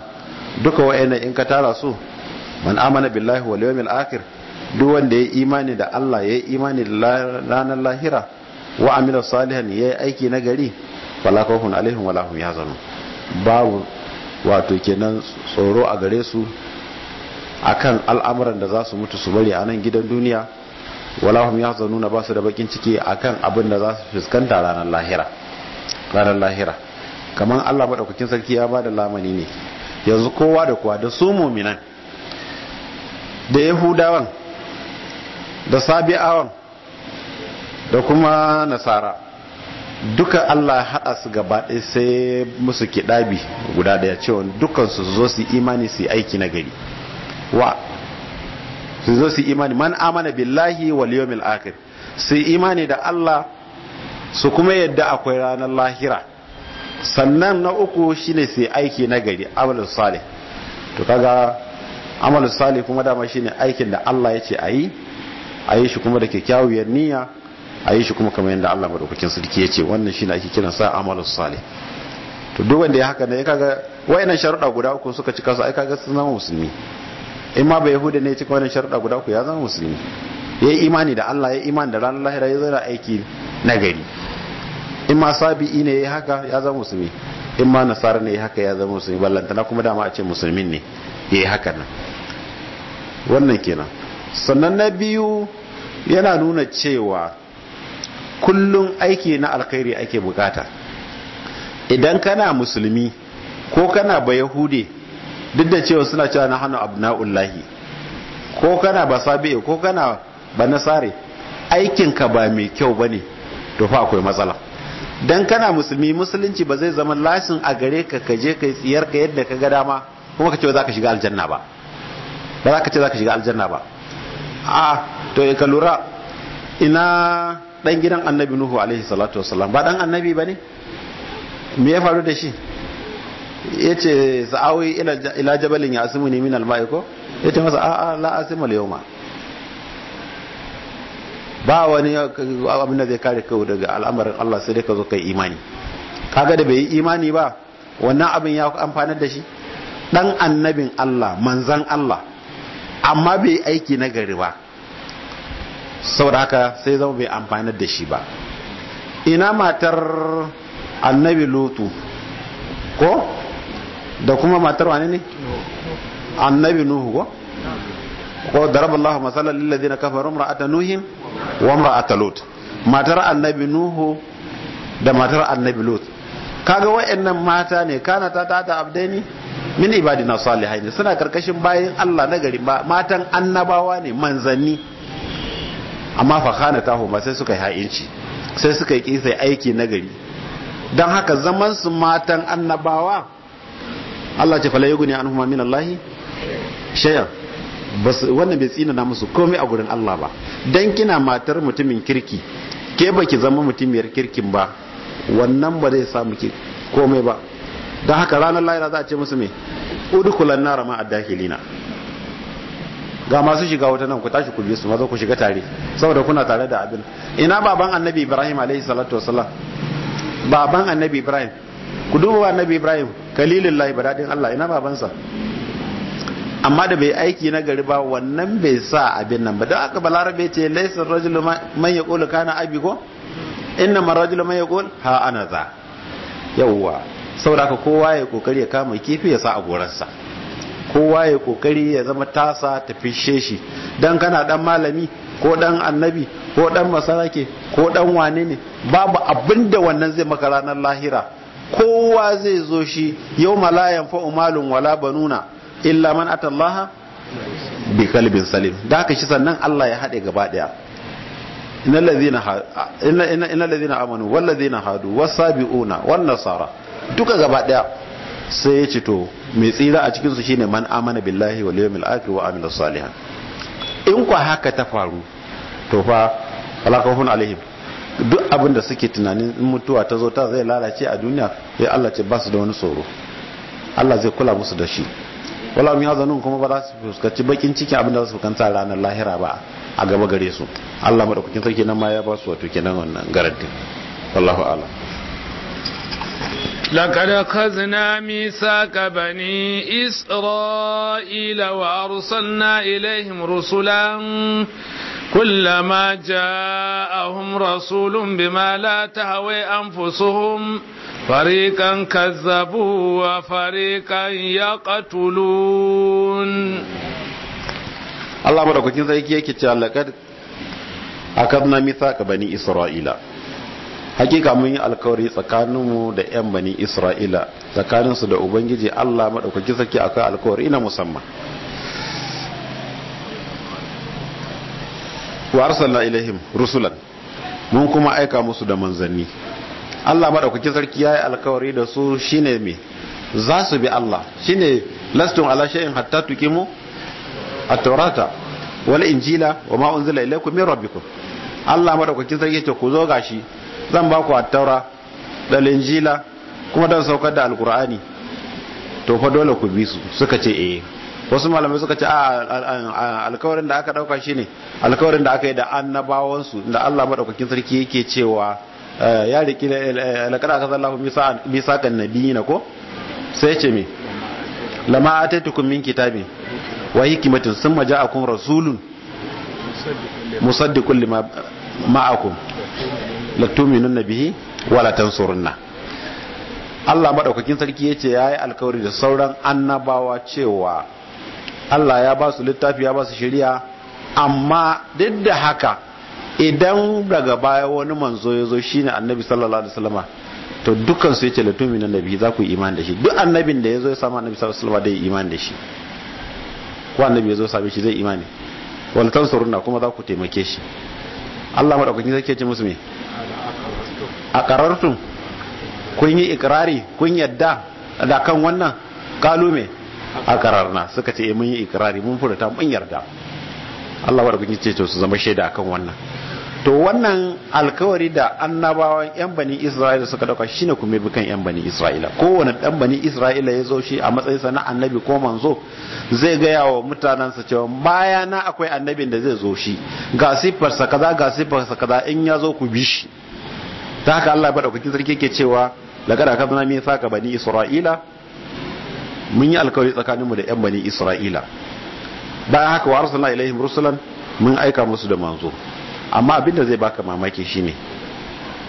duka wa'yanan in ka tara su man amana billahi wal yawmil akhir duk wanda ya imani da Allah ya imani da ranar lahira wa amila salihan yi aiki na gari wala alaihun walahun wala hum babu wato kenan tsoro a gare su akan al'amuran da za su mutu su bari a nan gidan duniya wala hum na ba su da bakin ciki a kan abin da za su fuskanta ranar lahira ranar lahira kamar Allah maɗaukakin sarki ya ba da lamani ne yanzu kowa da kowa da su mu'minan da yahudawan da sabi'awan da kuma nasara duka Allah haɗa su gaba ɗaya sai musu kiɗabi guda ɗaya cewa dukkan su zo su imani su aiki na gari wa su zo su imani man amana billahi wal yawmil akhir su imani da Allah su kuma yadda akwai ranar lahira sannan na uku shine su aiki na gari amalus salih to kaga amalus salih kuma dama shine aikin da Allah ya ce ayi yi shi kuma da kyakkyawar niyya a yi shi kuma kamar yadda Allah madaukakin sarki ya ce wannan shi ake kiran sa amalus salih to duk wanda ya haka ne ya kaga wayannan sharuɗa guda uku suka cika su ai kaga sun zama musulmi in ma ba yahuda ne ya cika wayannan sharuɗa guda uku ya zama musulmi ya yi imani da Allah ya yi imani da ranar lahira ya zara aiki nagari in ma sabi'i ne ya haka ya zama musulmi in ma nasara ne ya haka ya zama musulmi ballantana kuma dama a ce musulmin ne ya yi haka nan wannan kenan sannan na biyu yana nuna cewa kullum aiki na alkhairi ake bukata idan kana musulmi ko kana ba yahude duk da cewa suna cewa na hannu abna'ullahi ko kana ba sabi'e ko kana ba nasare aikinka ba mai kyau ba ne to fa akwai matsala dan kana musulmi musulunci ba zai zama lashin a gare ka ka je ka tsiyar ka yadda ka ga dama kuma ka ce za ka shiga aljanna ba ba za ka ce za ka shiga aljanna ba a to ka lura ina ɗan gidan annabi nuhu alaihi salatu wasalam ba dan annabi ba ne me ya faru da shi ya ce sa'awai ila jabalin ya asimu ne min alma'i ko ya ce masa a'a la asimu yauma ba wani abin da zai kare kawo daga al'amarin Allah sai dai ka zo kai imani kaga da bai yi imani ba wannan abin ya amfanar da shi ɗan annabin Allah manzan Allah amma bai aiki na gari ba saboda haka sai zama bai amfani da shi ba ina matar annabi lutu ko da kuma matar wani ne annabi nuhu ko ko daraballahu masalan lil kafa rumra ata nuhin wa imra'ata Lutu matar annabi nuhu da matar annabi Lutu kaga nan mata ne kana ta ta ta abdaini min ibadina ne suna karkashin bayan Allah na gari matan annabawa ne manzanni amma fa khana tahu ma sai suka yi ha'inci sai suka yi kisa aiki na gari don haka zaman su matan annabawa Allah ce fala yuguni an huma min Allah shay'a wannan bai tsina na musu komai a gurin Allah ba dan kina matar mutumin kirki ke baki zama mutumiyar kirkin ba wannan ba zai samu ki komai ba don haka ranar lahira za a ce musu me udkhulan nar ma a dakhilina ga masu shiga wata nan ku tashi ku biye su maza ku shiga tare saboda kuna tare da abin ina baban annabi ibrahim alaihi salatu wasalam baban annabi ibrahim ku duba annabi ibrahim kalilullahi baradin allah ina babansa amma da bai aiki na gari ba wannan bai sa abin nan ba don aka balarabe ce laisar rajulu man ya kula kana abi ko inna man rajulu man ya ha ana za yawwa saboda haka kowa ya kokari ya kama kifi ya sa a sa. kowa ya kokari ya zama tasa ta fishe shi dan kana dan malami ko dan annabi ko dan masarake ko dan wane ne babu abinda wannan zai maka ranar lahira kowa zai zo shi yau malayan fa'u umalun wala banuna illa man atallaha bi kalbin salim da haka shi sannan Allah ya haɗe gaba ɗaya innal ladhina amanu wal ladhina hadu wasu sabiuna wan nasara duka gaba ɗaya sai ya ce to mai tsira a cikinsu shine man amana billahi wal yawmil akhir wa amina salihan in kwa haka ta faru to fa alakafun alaihim duk abinda da suke tunanin in mutuwa ta zo ta zai lalace a duniya sai Allah ce ba su da wani tsoro Allah zai kula musu da shi wala mu yazanun kuma ba za su fuskaci bakin cikin abin da za su fuskanta ranar lahira ba a gaba gare su Allah madaukakin sarki nan ma ya ba su wato kenan wannan garanti wallahu a'lam لقد أخذنا ميثاق بني إسرائيل وأرسلنا إليهم رسلا كلما جاءهم رسول بما لا تهوي أنفسهم فريقا كذبوا وفريقا يقتلون الله مرحبا كنت ذلك يكي تعلقات أخذنا ميثاق بني إسرائيل hakika mun yi alkawari tsakaninmu da 'yan bani isra'ila tsakaninsu da ubangiji allah maɗaukaki sarki akwai alkawari na musamman wa arsalna ilaihim rusulan mun kuma aika musu da manzanni allah maɗaukaki sarki ya yi alkawari da su shine me za su bi allah shine lastun ala hatta tukimu A taurata wani injila wa ma ilaikumin ilaykum min allah maɗaukaki sarki ce ku zo gashi zan ba ku attaura da linjila kuma don saukar da alkur'ani to fa dole ku bi su suka ce eh wasu malamai suka ce a alkawarin da aka dauka shine alkawarin da aka yi da annabawansu da Allah madaukakin sarki yake cewa eh, ya riki eh, eh, laqad akazallahu misaqan nabiyina ko sai ce me lama ataitukum min kitabin wa hikmatin summa ja'akum rasulun musaddiqun lima ma'akum latuminun bihi wala tansurunna Allah madaukakin sarki yace yayi alkawari da sauran annabawa cewa Allah ya ba su littafi ya ba su shari'a amma duk da haka idan daga baya wani manzo ya zo shine annabi sallallahu alaihi wasallama to dukkan su yace latuminun bihi za ku yi imani da shi duk annabin da ya zo ya samu annabi sallallahu alaihi wasallama dai imani da shi ko annabi ya zo same shi zai imani wala tansurunna kuma za ku taimake shi Allah madaukakin sarki yace musu me a qarartum kun yi ikirari kun yadda da kan wannan kalu me a qararna suka ce eh, mun yi ikirari mun furta mun yarda Allah wadda kun ce to su zama shaida kan wannan to wannan alkawari da annabawan yan bani isra'ila suka dauka shine kuma bi kan yan bani isra'ila kowane dan bani isra'ila ya zo shi a matsayin sa na annabi ko manzo zai gaya wa sa cewa baya na akwai annabin da zai zo shi ga sifar sa kaza ga sifar sa kaza in ya zo ku bi shi ta haka Allah ba madaukakin sarki ke cewa laqad akadna sa saka bani isra'ila mun yi alkawari tsakaninmu da yan bani isra'ila bayan haka wa na ilaihim rusulan mun aika musu da manzo amma abinda zai baka mamaki shine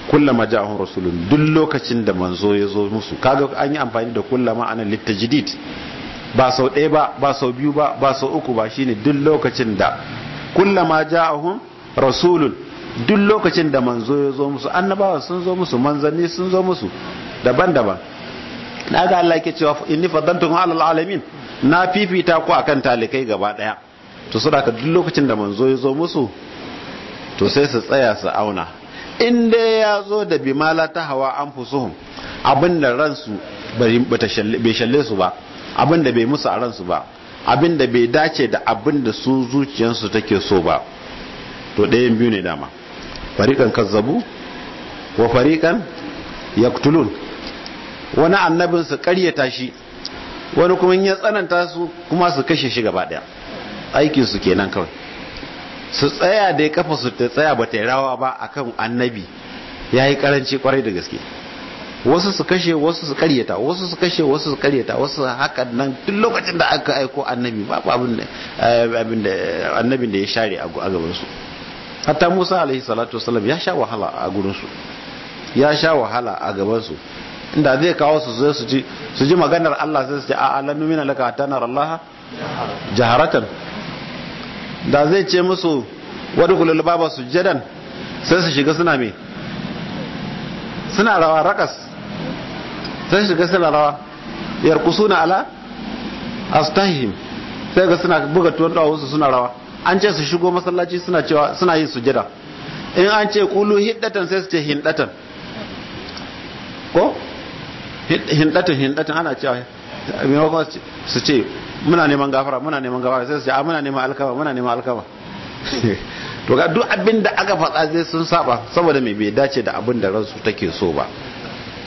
kullama ja'ahum rasulun duk lokacin da manzo ya zo musu kaga an yi amfani da kullama anan litajdid ba sau ɗaya ba ba sau biyu ba ba sau uku ba shine duk lokacin da kullama ja'ahum rasulun duk lokacin da manzo ya zo musu annabawa sun zo musu manzanni sun zo musu daban-daban na ga Allah yake cewa inni fadantu alal alamin na fifita ku akan talikai gaba daya to ka duk lokacin da manzo ya zo musu to sai su tsaya su auna in dai ya zo da bimala ta hawa an fusuhum abinda ransu bai shalle su ba abinda bai musu a ransu ba abinda bai dace da abinda su zuciyarsu take so ba to ɗayan biyu ne dama fariƙan kazzabu wa fariƙan yaktulun wani annabin su ƙaryata shi wani kuma ya tsananta su kuma su kashe shi gaba ɗaya aikin su kenan kawai su tsaya da ya kafa su ta tsaya ba ta rawa ba akan annabi ya yi ƙaranci kwarai da gaske wasu su kashe wasu su karyata wasu su kashe wasu su karyata wasu haka nan duk lokacin da aka aiko annabi babu abin da eh, annabin da ya share a gabansu. su hatta musa alaihi salatu wasallam ya sha wahala a gurinsu ya sha wahala a gabansu inda zai kawo su zai su ji maganar allah sai su ce a alam numina laka tanar allah jaharatan da zai ce musu wadu kulul baba sujjadan sai su shiga suna me suna rawa rakas sai su shiga suna rawa yarkusuna ala astahim sai ga suna buga tuwon dawo su suna rawa an ce su shigo masallaci suna cewa suna yin sujada in an ce kulu hiddatan sai su ce hindatan ko hindatan hindatan ana cewa wakon su ce muna neman gafara muna neman gafara sai su ce a muna neman alkama muna neman alkama to ga duk abin da aka faɗa zai sun saba saboda mai bai dace da abin da ransu take so ba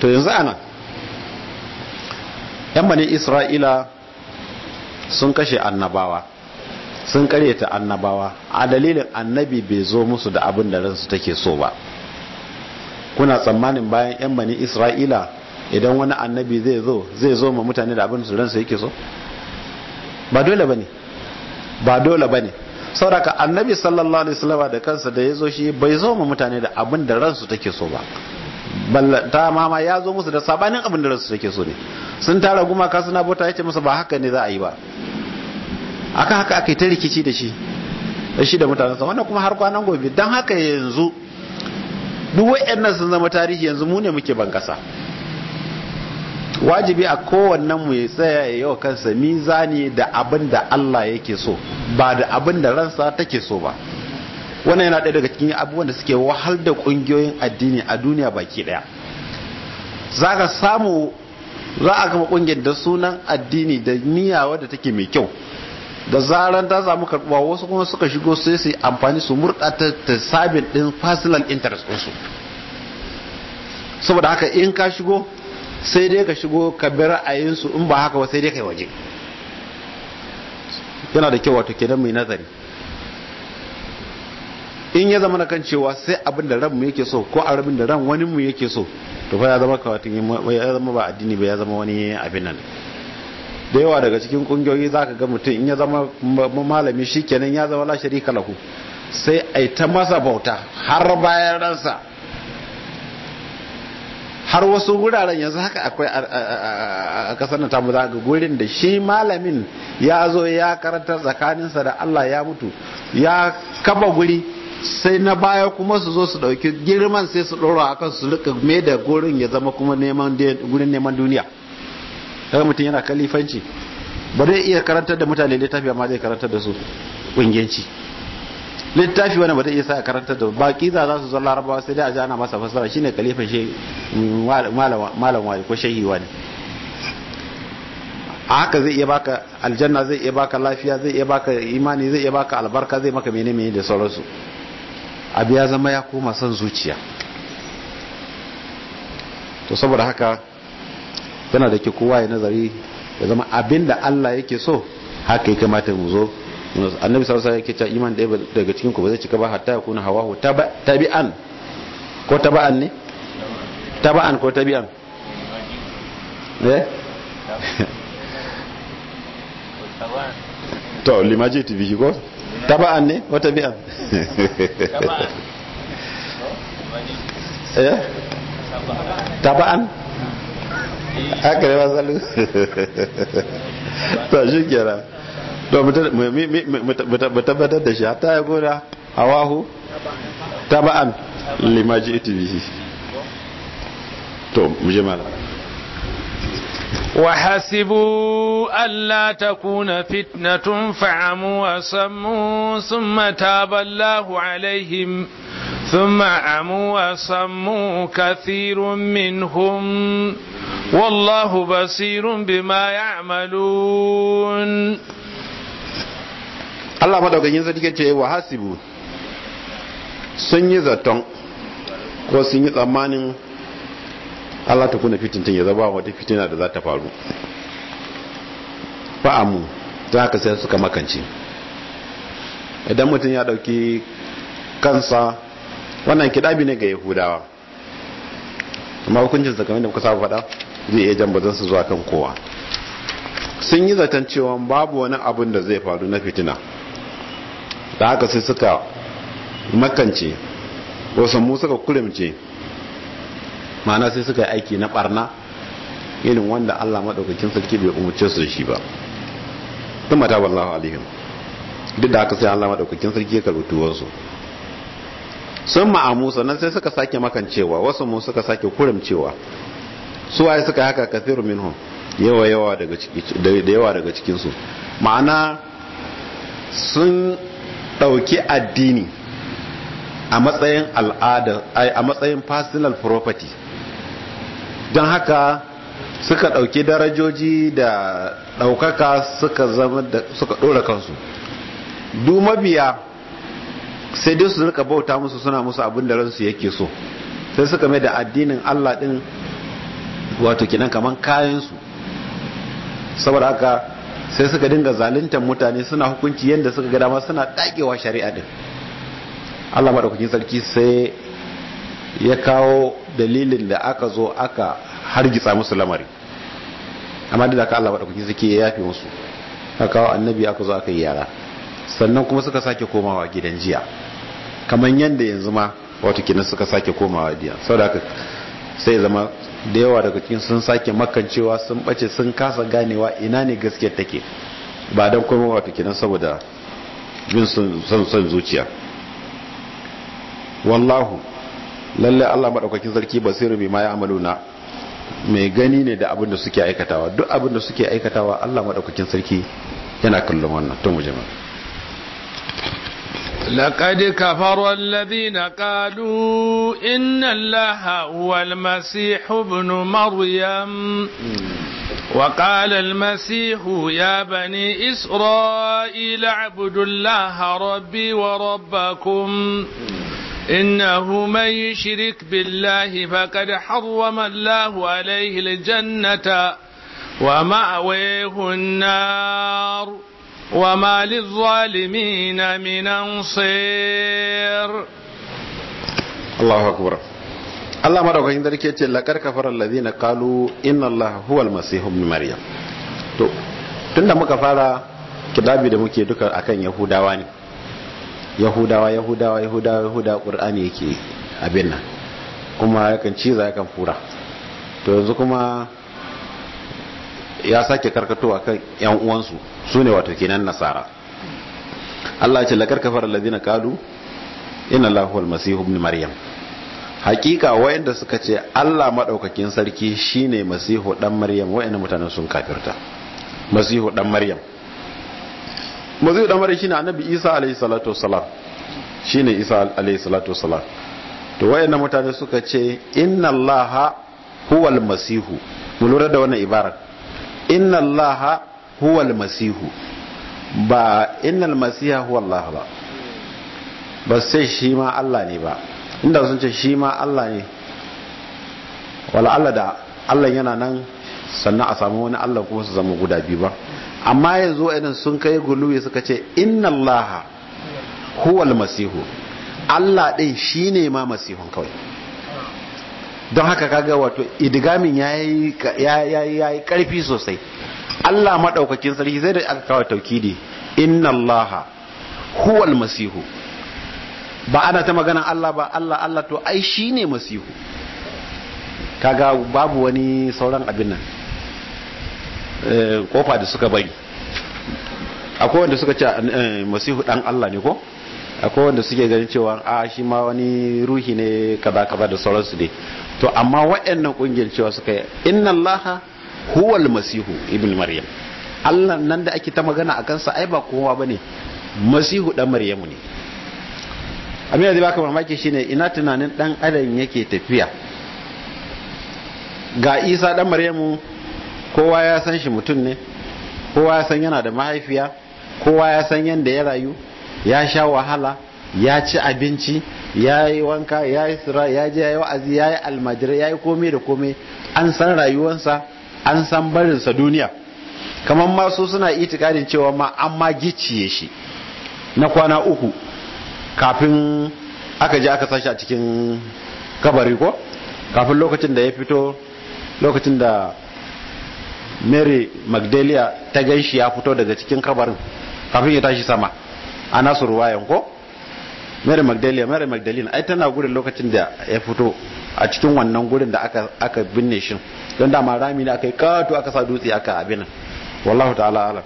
to yanzu ana yan bane isra'ila sun kashe annabawa sun karyata annabawa a dalilin annabi bai zo musu da abin da ransu take so ba kuna tsammanin bayan 'yan mani isra'ila idan wani annabi zai zo zai zo ma mutane da abin su ransu yake so ba dole ba ne ba dole ba ne sauraka annabi sallallahu alaihi salama da kansa da ya zo shi bai zo ma mutane da abin da ransu take so ba ta mama ya zo musu da sabanin abin da ransu take so ne sun tara gumaka suna bota yace musu ba haka ne za a yi ba Aka haka aka yi ta rikici da shi shi da mutanensa wannan kuma har kwanan gobe don haka yanzu duk nan sun zama tarihi yanzu mu ne muke ban kasa wajibi a kowannen mu ya tsaya ya yau kansa mizani da abin da Allah yake so ba da abin da ransa take so ba wannan yana ɗaya daga cikin abubuwan da suke wahal da ƙungiyoyin addini a duniya baki ɗaya za ka samu za a gama ƙungiyar da sunan addini da niyya wadda take mai kyau da zaran ta samu karbuwa wasu kuma suka shigo sai su amfani su murda ta sabin ɗin personal interest ɗinsu saboda haka in ka shigo sai dai ka shigo ka bi ra'ayinsu in ba haka ba sai dai kai waje yana da kyau wato kenan mai nazari in ya zama na kan cewa sai abin da ranmu yake so ko abin da ran wani mu yake so to fa ya zama kawatin ya zama ba addini ba ya zama wani abin nan da yawa daga cikin kungiyoyi za ka ga mutum in ya zama malami shi kenan ya zama lashari kalaku sai a ta masa bauta har bayan ransa har wasu wuraren yanzu haka akwai a kasar ta mu ga gurin da shi malamin ya zo ya karanta tsakaninsa da Allah ya mutu ya kaba guri sai na baya kuma su zo su dauki girman sai su dora akan su rika mai da gurin ya zama kuma gurin neman duniya kaga mutum yana kalifanci ba zai iya karantar da mutane littafi amma zai karantar da su kungiyanci littafi wani ba zai iya sa karantar da baki za za su zo larabawa sai dai a jana masa fasara shine kalifan shi malam wani ko shehi wani a haka zai iya baka aljanna zai iya baka lafiya zai iya baka imani zai iya baka albarka zai maka mene mene da sauransu abu ya zama ya koma son zuciya to saboda haka yana da ke kowa ya nazari ya zama abin da Allah yake so haka ya kamata mu zo annabi sallallahu alaihi wasallam yake iman da daga cikin ku ba zai cika ba hatta ya kuna hawa tabi'an ko tabi'an ne tabi'an ko tabi'an eh to limaji tv ko tabi'an ne ko tabi'an tabi'an eh? haka ne masalu ta shi kera to mu tabbatar da shi hatta ya gona hawahu taba'an lima ji bihi to mu je mala وحسبوا ألا تكون فتنة فعموا وصموا ثم تاب الله عليهم ثم عموا وصموا كثير منهم Wallahu basirun بما يعملون Allah madaukakin sarki ce wa hasibu sun yi zaton ko sun yi tsammanin Allah kuna fitintin ya zaba wata fitina da za ta faru fa'amu ta haka sai suka makance idan mutum ya dauki kansa wannan kidabi ne ga yahudawa amma hukuncin zakamin da kuka saba faɗa zai iya jan zuwa kan kowa sun yi zaton cewa babu wani abin da zai faru na fitina da haka sai suka makance wasan mu suka kulimce ma'ana sai suka yi aiki na barna irin wanda allah maɗaukakin sarki bai umarce su shi ba tun mata wallahu alihim duk da haka sai allah maɗaukakin sarki ya karɓi tuwonsu sun ma'amusa sannan sai suka sake makancewa wasu mu suka sake kurimcewa su waye suka haka kafiru minhum yawa yawa daga ciki da yawa daga cikin su ma'ana sun dauki addini a matsayin al'ada a matsayin personal property don haka suka dauki darajoji da daukaka suka zama da suka dora kansu du mabiya sai dai su rika bauta musu suna musu abin da ransu yake so sai suka mai da addinin Allah din wato kinan kaman kayansu saboda haka sai suka dinga zaluntar mutane suna hukunci yadda suka ga dama suna dakewa shari'a din Allah madaukakin sarki sai ya kawo dalilin da aka zo aka hargitsa musu lamari amma da aka Allah madaukakin sarki ya yafe musu aka kawo annabi aka zo aka yi yara sannan kuma suka sake komawa gidan jiya kamar yadda yanzu ma wato kinan suka sake komawa jiya saboda haka sai zama da yawa daga cikin sun sake makancewa sun bace sun kasa ganewa ina ne gaskiyar take ba dan kuma wato kidan saboda bin son son zuciya wallahu lalle Allah madaukakin sarki basiru bi ma ya'maluna mai gani ne da abin da suke aikatawa duk abin da suke aikatawa Allah madaukakin sarki yana kallon wannan to mu jama'a لقد كفر الذين قالوا إن الله هو المسيح ابن مريم وقال المسيح يا بني إسرائيل اعبدوا الله ربي وربكم إنه من يشرك بالله فقد حرم الله عليه الجنة ومأويه النار وما للظالمين من أنصير الله أكبر Allah madaukakin sarki ya ce laqad kafara allazina qalu inna Allah huwa al-masih ibn maryam to tunda muka fara kidabi da muke duka akan yahudawa ne yahudawa yahudawa yahudawa yahuda qur'ani yake abin nan kuma yakan ciza yakan fura to yanzu kuma ya sake karkatowa kan yan uwansu su ne wato kenan nasara Allah ce lakar kafar na kadu. inna Allahu al ibn maryam hakika wayanda suka ce Allah madaukakin sarki shine masihu dan maryam wayanda mutane sun kafirta masihu dan maryam masihu dan maryam shine annabi Isa alayhi salatu wassalam shine Isa alayhi salatu wassalam to wayanda mutane suka ce inna Allaha huwal masihu mu lura da wannan ibara inna Allaha huwal masihu ba innal masiha huwa Allah ba ba sai shi ma Allah ne ba inda sun ce shi ma Allah ne wala Allah da Allah yana nan sannan a samu wani Allah kuma su zama guda biyu ba amma yanzu idan sun kai guluwi suka ce inna Allah huwal masihu Allah din shine ma masihun kawai don haka kaga wato idgamin yayi yayi yayi karfi sosai Allah maɗaukakin sarki zai da aka kawo taukidi inna Allah huwal masihu ba ana ta magana Allah ba Allah Allah to ai shi ne masihu kaga babu wani sauran abin nan eh, kofa da suka bari akwai wanda suka ce eh, masihu dan Allah ne ko akwai wanda suke ganin cewa a shi ma wani ruhi ne kaza kaza da sauransu ne to amma waɗannan kungiyar cewa suka yi inna allaha huwal masihu ibn maryam allah nan da ake ta magana a kansa ai ba kowa bane masihu dan maryamu ne amina da baka mamaki shine ina tunanin dan adam yake tafiya ga isa dan maryamu kowa ya san shi mutum ne kowa ya san yana da mahaifiya kowa ya san yadda ya rayu ya sha wahala ya ci abinci ya yi wanka ya yi sura ya je ya yi wa'azi ya yi almajirai ya yi komai da komai an san rayuwansa an san barinsa duniya kamar masu suna itikadin cewa ma an ma gicciye shi na kwana uku kafin aka je aka sashi a cikin kabari ko kafin lokacin da ya fito lokacin da mary magdalena ta ganshi ya fito daga cikin kabarin kafin ya tashi sama a nasu ruwayan ko mary magdalena mary magdalina ai tana gudun lokacin da ya fito a cikin wannan gudun da aka binne shi don dama rami ne aka yi kato aka sa dutse aka abin wallahu ta'ala alam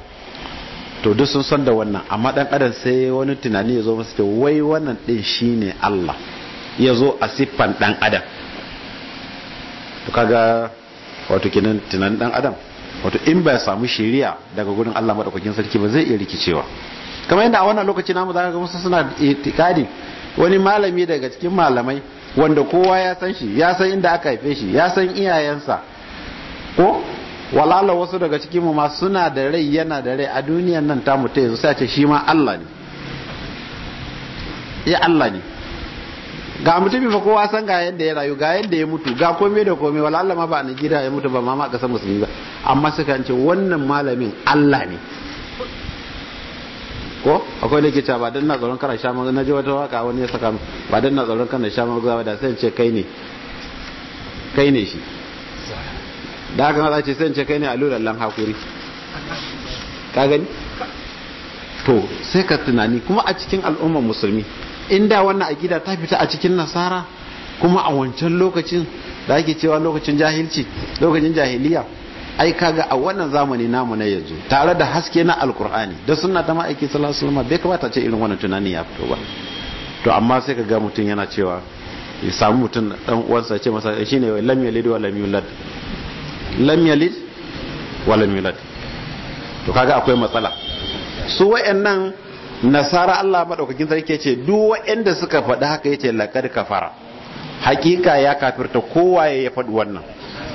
to duk sun san da wannan amma dan adam sai wani tunani ya zo masa ce wai wannan din shine Allah ya zo a siffan dan adam to kaga wato kinan tunanin dan adam wato in ba ya samu shari'a daga gurin Allah madaukakin sarki ba zai iya rikicewa kamar yadda a wannan lokaci namu zaka ga wasu suna itikadi wani malami daga cikin malamai wanda kowa ya san shi ya san inda aka haife shi ya san iyayensa walala wasu daga cikin mu ma suna da rai yana da rai a duniyan nan ta mutu yanzu sai ce shi ma Allah ne ya eh, Allah ne ga mutumin fa kowa san ga yadda ya rayu ga yadda ya mutu ga komai da komai walala ma ba a Najeriya ya mutu ba ma ma kasan musulmi ba amma suka ce wannan malamin Allah ne ko akwai ne ke ta ba dan na tsaron kana sha na ji wata waka wani ya saka ba dan na tsaron kana sha maza da sai ce kai ne kai ne shi da haka maza ce sai kai ne a lura lan hakuri ka gani to sai ka tunani kuma a cikin al'ummar musulmi inda wannan akida ta fita a cikin nasara kuma a wancan lokacin da ake cewa lokacin jahilci lokacin jahiliya ai kaga a wannan zamani namu na yanzu tare da haske na alkur'ani da sunna ta ma'aiki sallallahu alaihi wasallam bai kamata ce irin wannan tunani ya fito ba to amma sai ka ga mutum yana cewa ya samu mutum dan uwansa ce masa shine lam yalid wa lam yulad lam yalid wa lam yulad to kaga akwai matsala su wayannan nasara Allah madaukakin sarki yace duk wayanda suka faɗi haka yace laqad kafara hakika ya kafirta kowaye ya faɗi wannan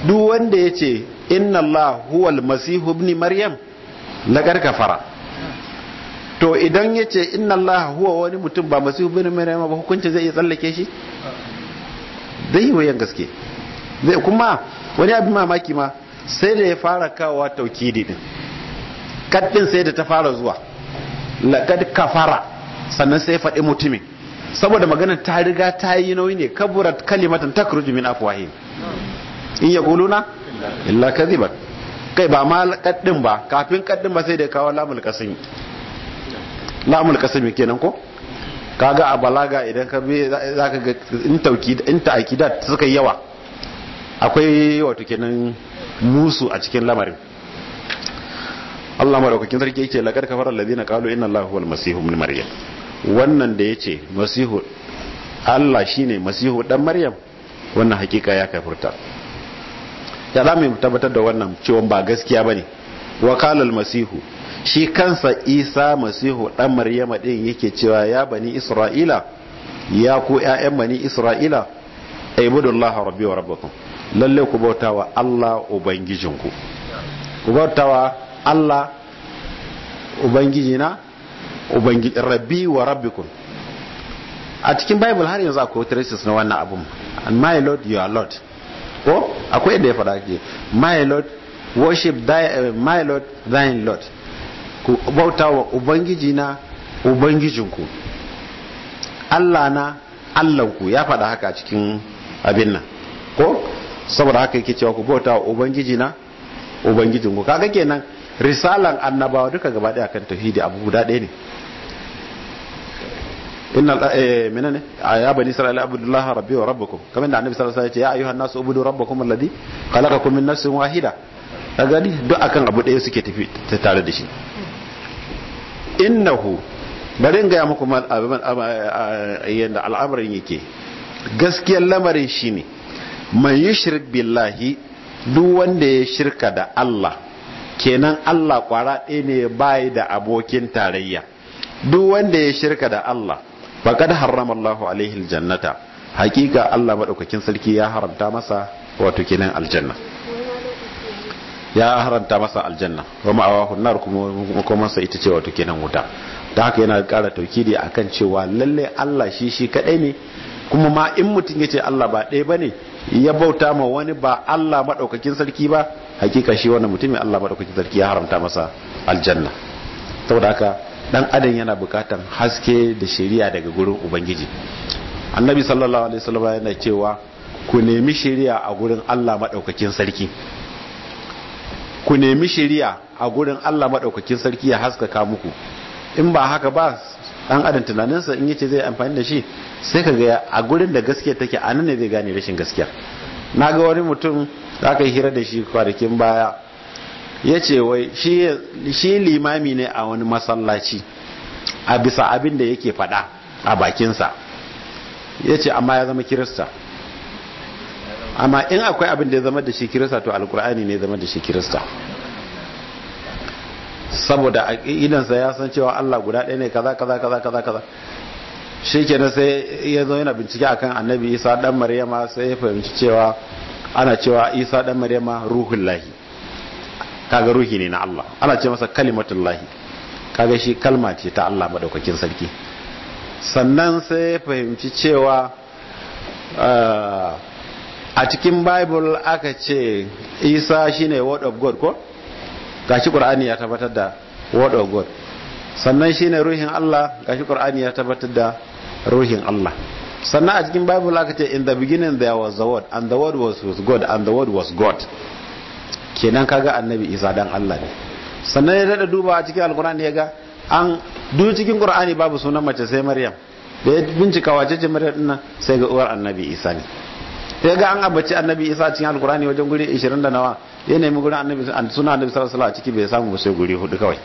duk wanda yace inna Allah huwal masih ibn maryam laqad kafara to idan yace inna Allah huwa wani mutum ba masih ibn maryam ba hukunci zai iya tsallake shi zai yi wayan gaske zai kuma wani abin mamaki ma sai da ya fara kawowa taukidi din kaddin sai da ta fara zuwa laqad kafara sannan sai faɗi mutumin saboda maganar ta riga ta yi nauyi ne kaburat kalimatan takruju min afwahihim in illa kadhiban kai ba ma kaddin ba kafin kaddin ba sai da kawo lamul qasim lamul qasim kenan ko kaga a balaga idan ka bi zaka ga in tauki in ta'kidat suka yawa akwai wato kenan musu a cikin lamarin Allah madaukakin sarki yake laqad kafara alladhina qalu inna Allahu wal masihu ibn maryam wannan da yace masihu Allah shine masihu dan maryam wannan hakika ya kafurta ya za mu tabbatar da wannan cewa ba gaskiya bane wa qala masihu shi kansa Isa masihu dan maryama din yake cewa ya bani isra'ila ya ku ƴaƴan bani isra'ila aybudullaha rabbi wa rabbukum lalle ku bautawa Allah ubangijinku ku bautawa Allah ubangijina ubangi rabbi wa rabbikum a cikin bible har yanzu akwai traces na wannan abun and my lord your lord ko akwai yadda ya faɗa ke my lord worship thy, uh, my lord thine lord ku bauta wa ubangiji na ubangijinku allah na allahnku ya faɗa haka cikin abin nan ko saboda haka yake cewa ku bauta wa ubangiji na ubangijin ku kaga kenan risalan annabawa duka gaba daya kan tauhidi abu guda ɗaya ne inna eh menene ya bani isra'ila abdullahi rabbi wa rabbukum kamar da annabi sallallahu alaihi wasallam ya ayuha nasu ubudu rabbakum alladhi khalaqakum min nafsin wahida kaga ni duk akan abu ɗaya suke tafi tare da shi innahu bari in ga muku mal abin yanda al'amarin yake gaskiyar lamarin shine man yushrik billahi duk wanda ya shirka da Allah kenan Allah kwara ɗaya ne bai da abokin tarayya duk wanda ya shirka da Allah faqad harrama Allahu alaihi aljannata hakika Allah maɗaukakin sarki ya haramta masa wato kenan aljanna ya haramta masa aljanna wa ma'awahu nar kuma kuma sa ita ce wato kenan wuta ta haka yana ƙara taukidi akan cewa lalle Allah shi shi kadai ne kuma ma in mutum yace Allah ba ɗaya bane ya bauta ma wani ba Allah maɗaukakin sarki ba hakika shi wannan mutumin Allah madaukakin sarki ya haramta masa aljanna saboda haka dan adam yana bukatan haske da shari'a daga gurin ubangiji annabi sallallahu alaihi wasallam yana cewa ku nemi shari'a a gurin Allah madaukakin sarki ku nemi shari'a a gurin Allah maɗaukakin sarki ya haskaka muku in ba haka ba dan adam tunaninsa in yace zai amfani da shi sai ka ga a gurin da gaskiya take a nan ne zai gane rashin gaskiya na ga wani mutum da aka yi hira da shi kwarikin baya ya ce wai shi limami ne a wani masallaci a bisa abin da yake faɗa a bakinsa ya ce amma ya zama kirista amma in akwai abin da ya zama da shi kirista to alkur'ani ne ya zama da shi kirista saboda aqidansa ya san cewa Allah guda ɗaya ne kaza kaza kaza kaza kaza shikenan sai ya zo yana bincike akan annabi Isa dan Maryama sai ya fahimci cewa ana cewa Isa dan Maryama ruhul lahi kaga ruhi ne na Allah ana ce masa kalimatul lahi kaga shi kalma ce ta Allah madaukakin sarki sannan sai ya fahimci cewa eh, a cikin bible aka ce isa shine word of god ko gashi qur'ani ya tabbatar da word of god sannan shine ruhin Allah gashi qur'ani ya tabbatar da ruhin Allah sannan a cikin bible aka ce in the beginning there was the word and the word was with god and the word was god kenan kaga annabi isa dan Allah ne sannan ya dada duba a cikin alqur'ani ya ga an duk cikin qur'ani babu sunan mace sai maryam da ya bincika wace ce maryam din sai ga uwar annabi isa ne sai ga an abaci annabi isa cikin alqur'ani wajen guri 20 da nawa ya nemi gurin annabi suna annabi sallallahu alaihi a ciki bai samu sai guri hudu kawai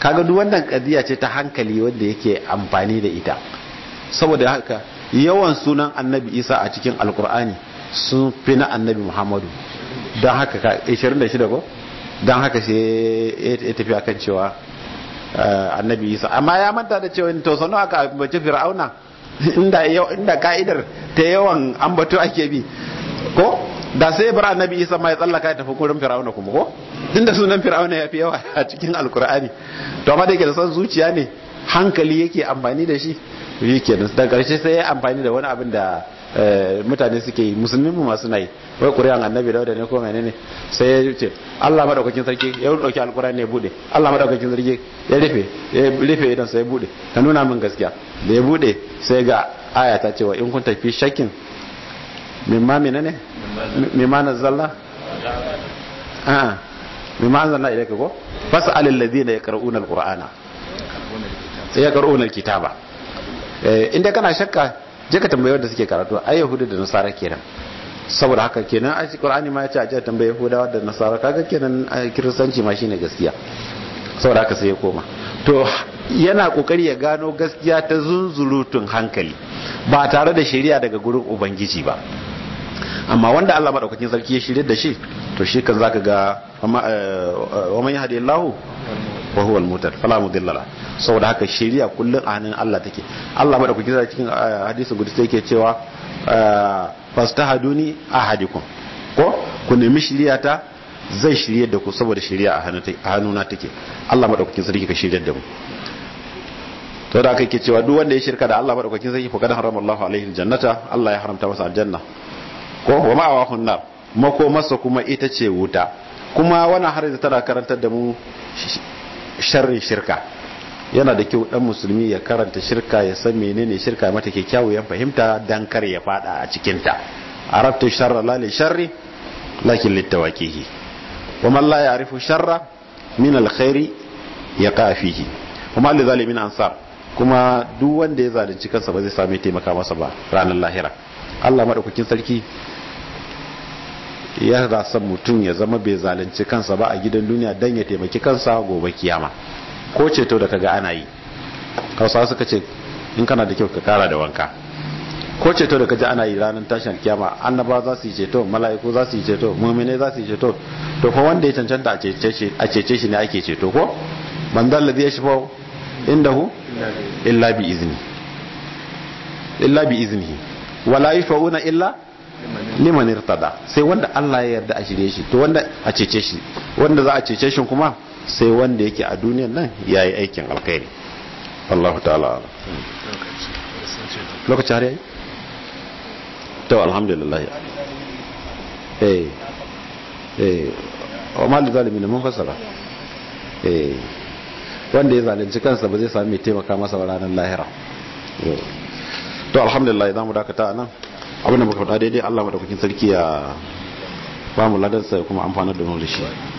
kaga duk wannan kadiya ce ta hankali wanda yake amfani da ita saboda haka yawan sunan annabi isa a cikin alkur'ani sun fi na annabi muhammadu don haka ka 26 ko don haka sai ya tafi akan cewa eh, annabi isa amma ya manta da cewa to sanu aka bace fir'auna inda ka'idar ta yawan ambato ake bi ko da sai bara annabi isa ma ya tsallaka ya tafi gurin fir'auna kuma ko tunda sunan fir'auna ya fi yawa a cikin alkur'ani to amma da yake da san zuciya ne hankali yake amfani da shi yake da karshe sai ya amfani da wani abin da eh, mutane suke yi musulmin mu masu nayi wai ƙuri'an annabi dauda ne ko menene sai ya ce Allah madaukakin sarki ya dauki alkur'ani ya bude Allah madaukakin sarki ya rufe ya rufe idan sai ya bude ta nuna min gaskiya da ya bude sai ga aya ta cewa in kun tafi shakin mimma ne mimma zalla ah mimma zalla ilayka ko fas'al alladhina yaqra'una alqur'ana sai yaqra'una alkitaba eh, inda kana shakka je ka tambaye wanda suke karatu ai yahudu da nasara kenan saboda haka kenan a cikin qur'ani ma yace a je tambaye yahudawa da nasara kaga kenan kiristanci ma shine gaskiya saboda haka sai ya koma to yana kokari ya gano gaskiya ta zunzurutun hankali ba tare da shari'a daga gurin ubangiji ba amma wanda Allah madaukakin sarki ya shirye da shi to shi kan zaka ga eh, eh, wa man yahdi Allah wa huwa al-mutad fala mudillala saboda haka shari'a kullun a hannun Allah take Allah madaukakin sarki cikin eh, hadisi sai yake cewa fastahaduni ahadikum ko ku nemi shari'a ta zai shirye da ku saboda shari'a a hannuna take Allah madaukakin sarki ka shirye da mu to da aka ke cewa duk wanda ya shirka da Allah madaukakin sarki fa kada haramallahu alaihi aljannata Allah ya haramta masa aljanna ko wa hunnar mako masa kuma ita ce wuta kuma wannan har da tana karantar da mu sharrin shirka yana da kyau dan musulmi ya karanta shirka ya san menene shirka mata ya fahimta dan kar ya fada a cikin ta arabtu sharra la li sharri lakin litawakihi wa man la ya'rifu sharra min alkhairi yaqa fihi wa man lidhalimin ansar kuma duk wanda ya zalunci kansa ba zai sami taimaka masa ba ranar lahira Allah madaukakin sarki ya rasa mutum ya zama bai zalunci kansa ba a gidan duniya don ya taimaki kansa gobe kiyama ko ceto da kaga ana yi hausawa suka ce in kana da kyau ka kara da wanka ko ceto da kaji ana yi ranar tashin kiyama annaba za su yi ceto mala'iku za su yi ceto mumine za su yi ceto to fa wanda ya cancanta a cece shi ne ake ceto ko man zallabi ya shifa indahu illa bi izini illa bi izini wala yashfa'una illa liman irtada sai wanda Allah ya yarda a shirye shi to wanda a cece shi wanda za a cece shi kuma sai wanda yake a duniyar nan yayi aikin alkhairi Allah ta'ala lokaci har yayi to alhamdulillah eh eh wa mal zalimin mun fasara eh wanda ya zalunci kansa ba zai sami taimaka masa ranar lahira eh, to alhamdulillah mu dakata anan abinda muka faɗa daidai Allah madaukakin sarki ya ba mu ladarsa kuma amfanar da mu da shi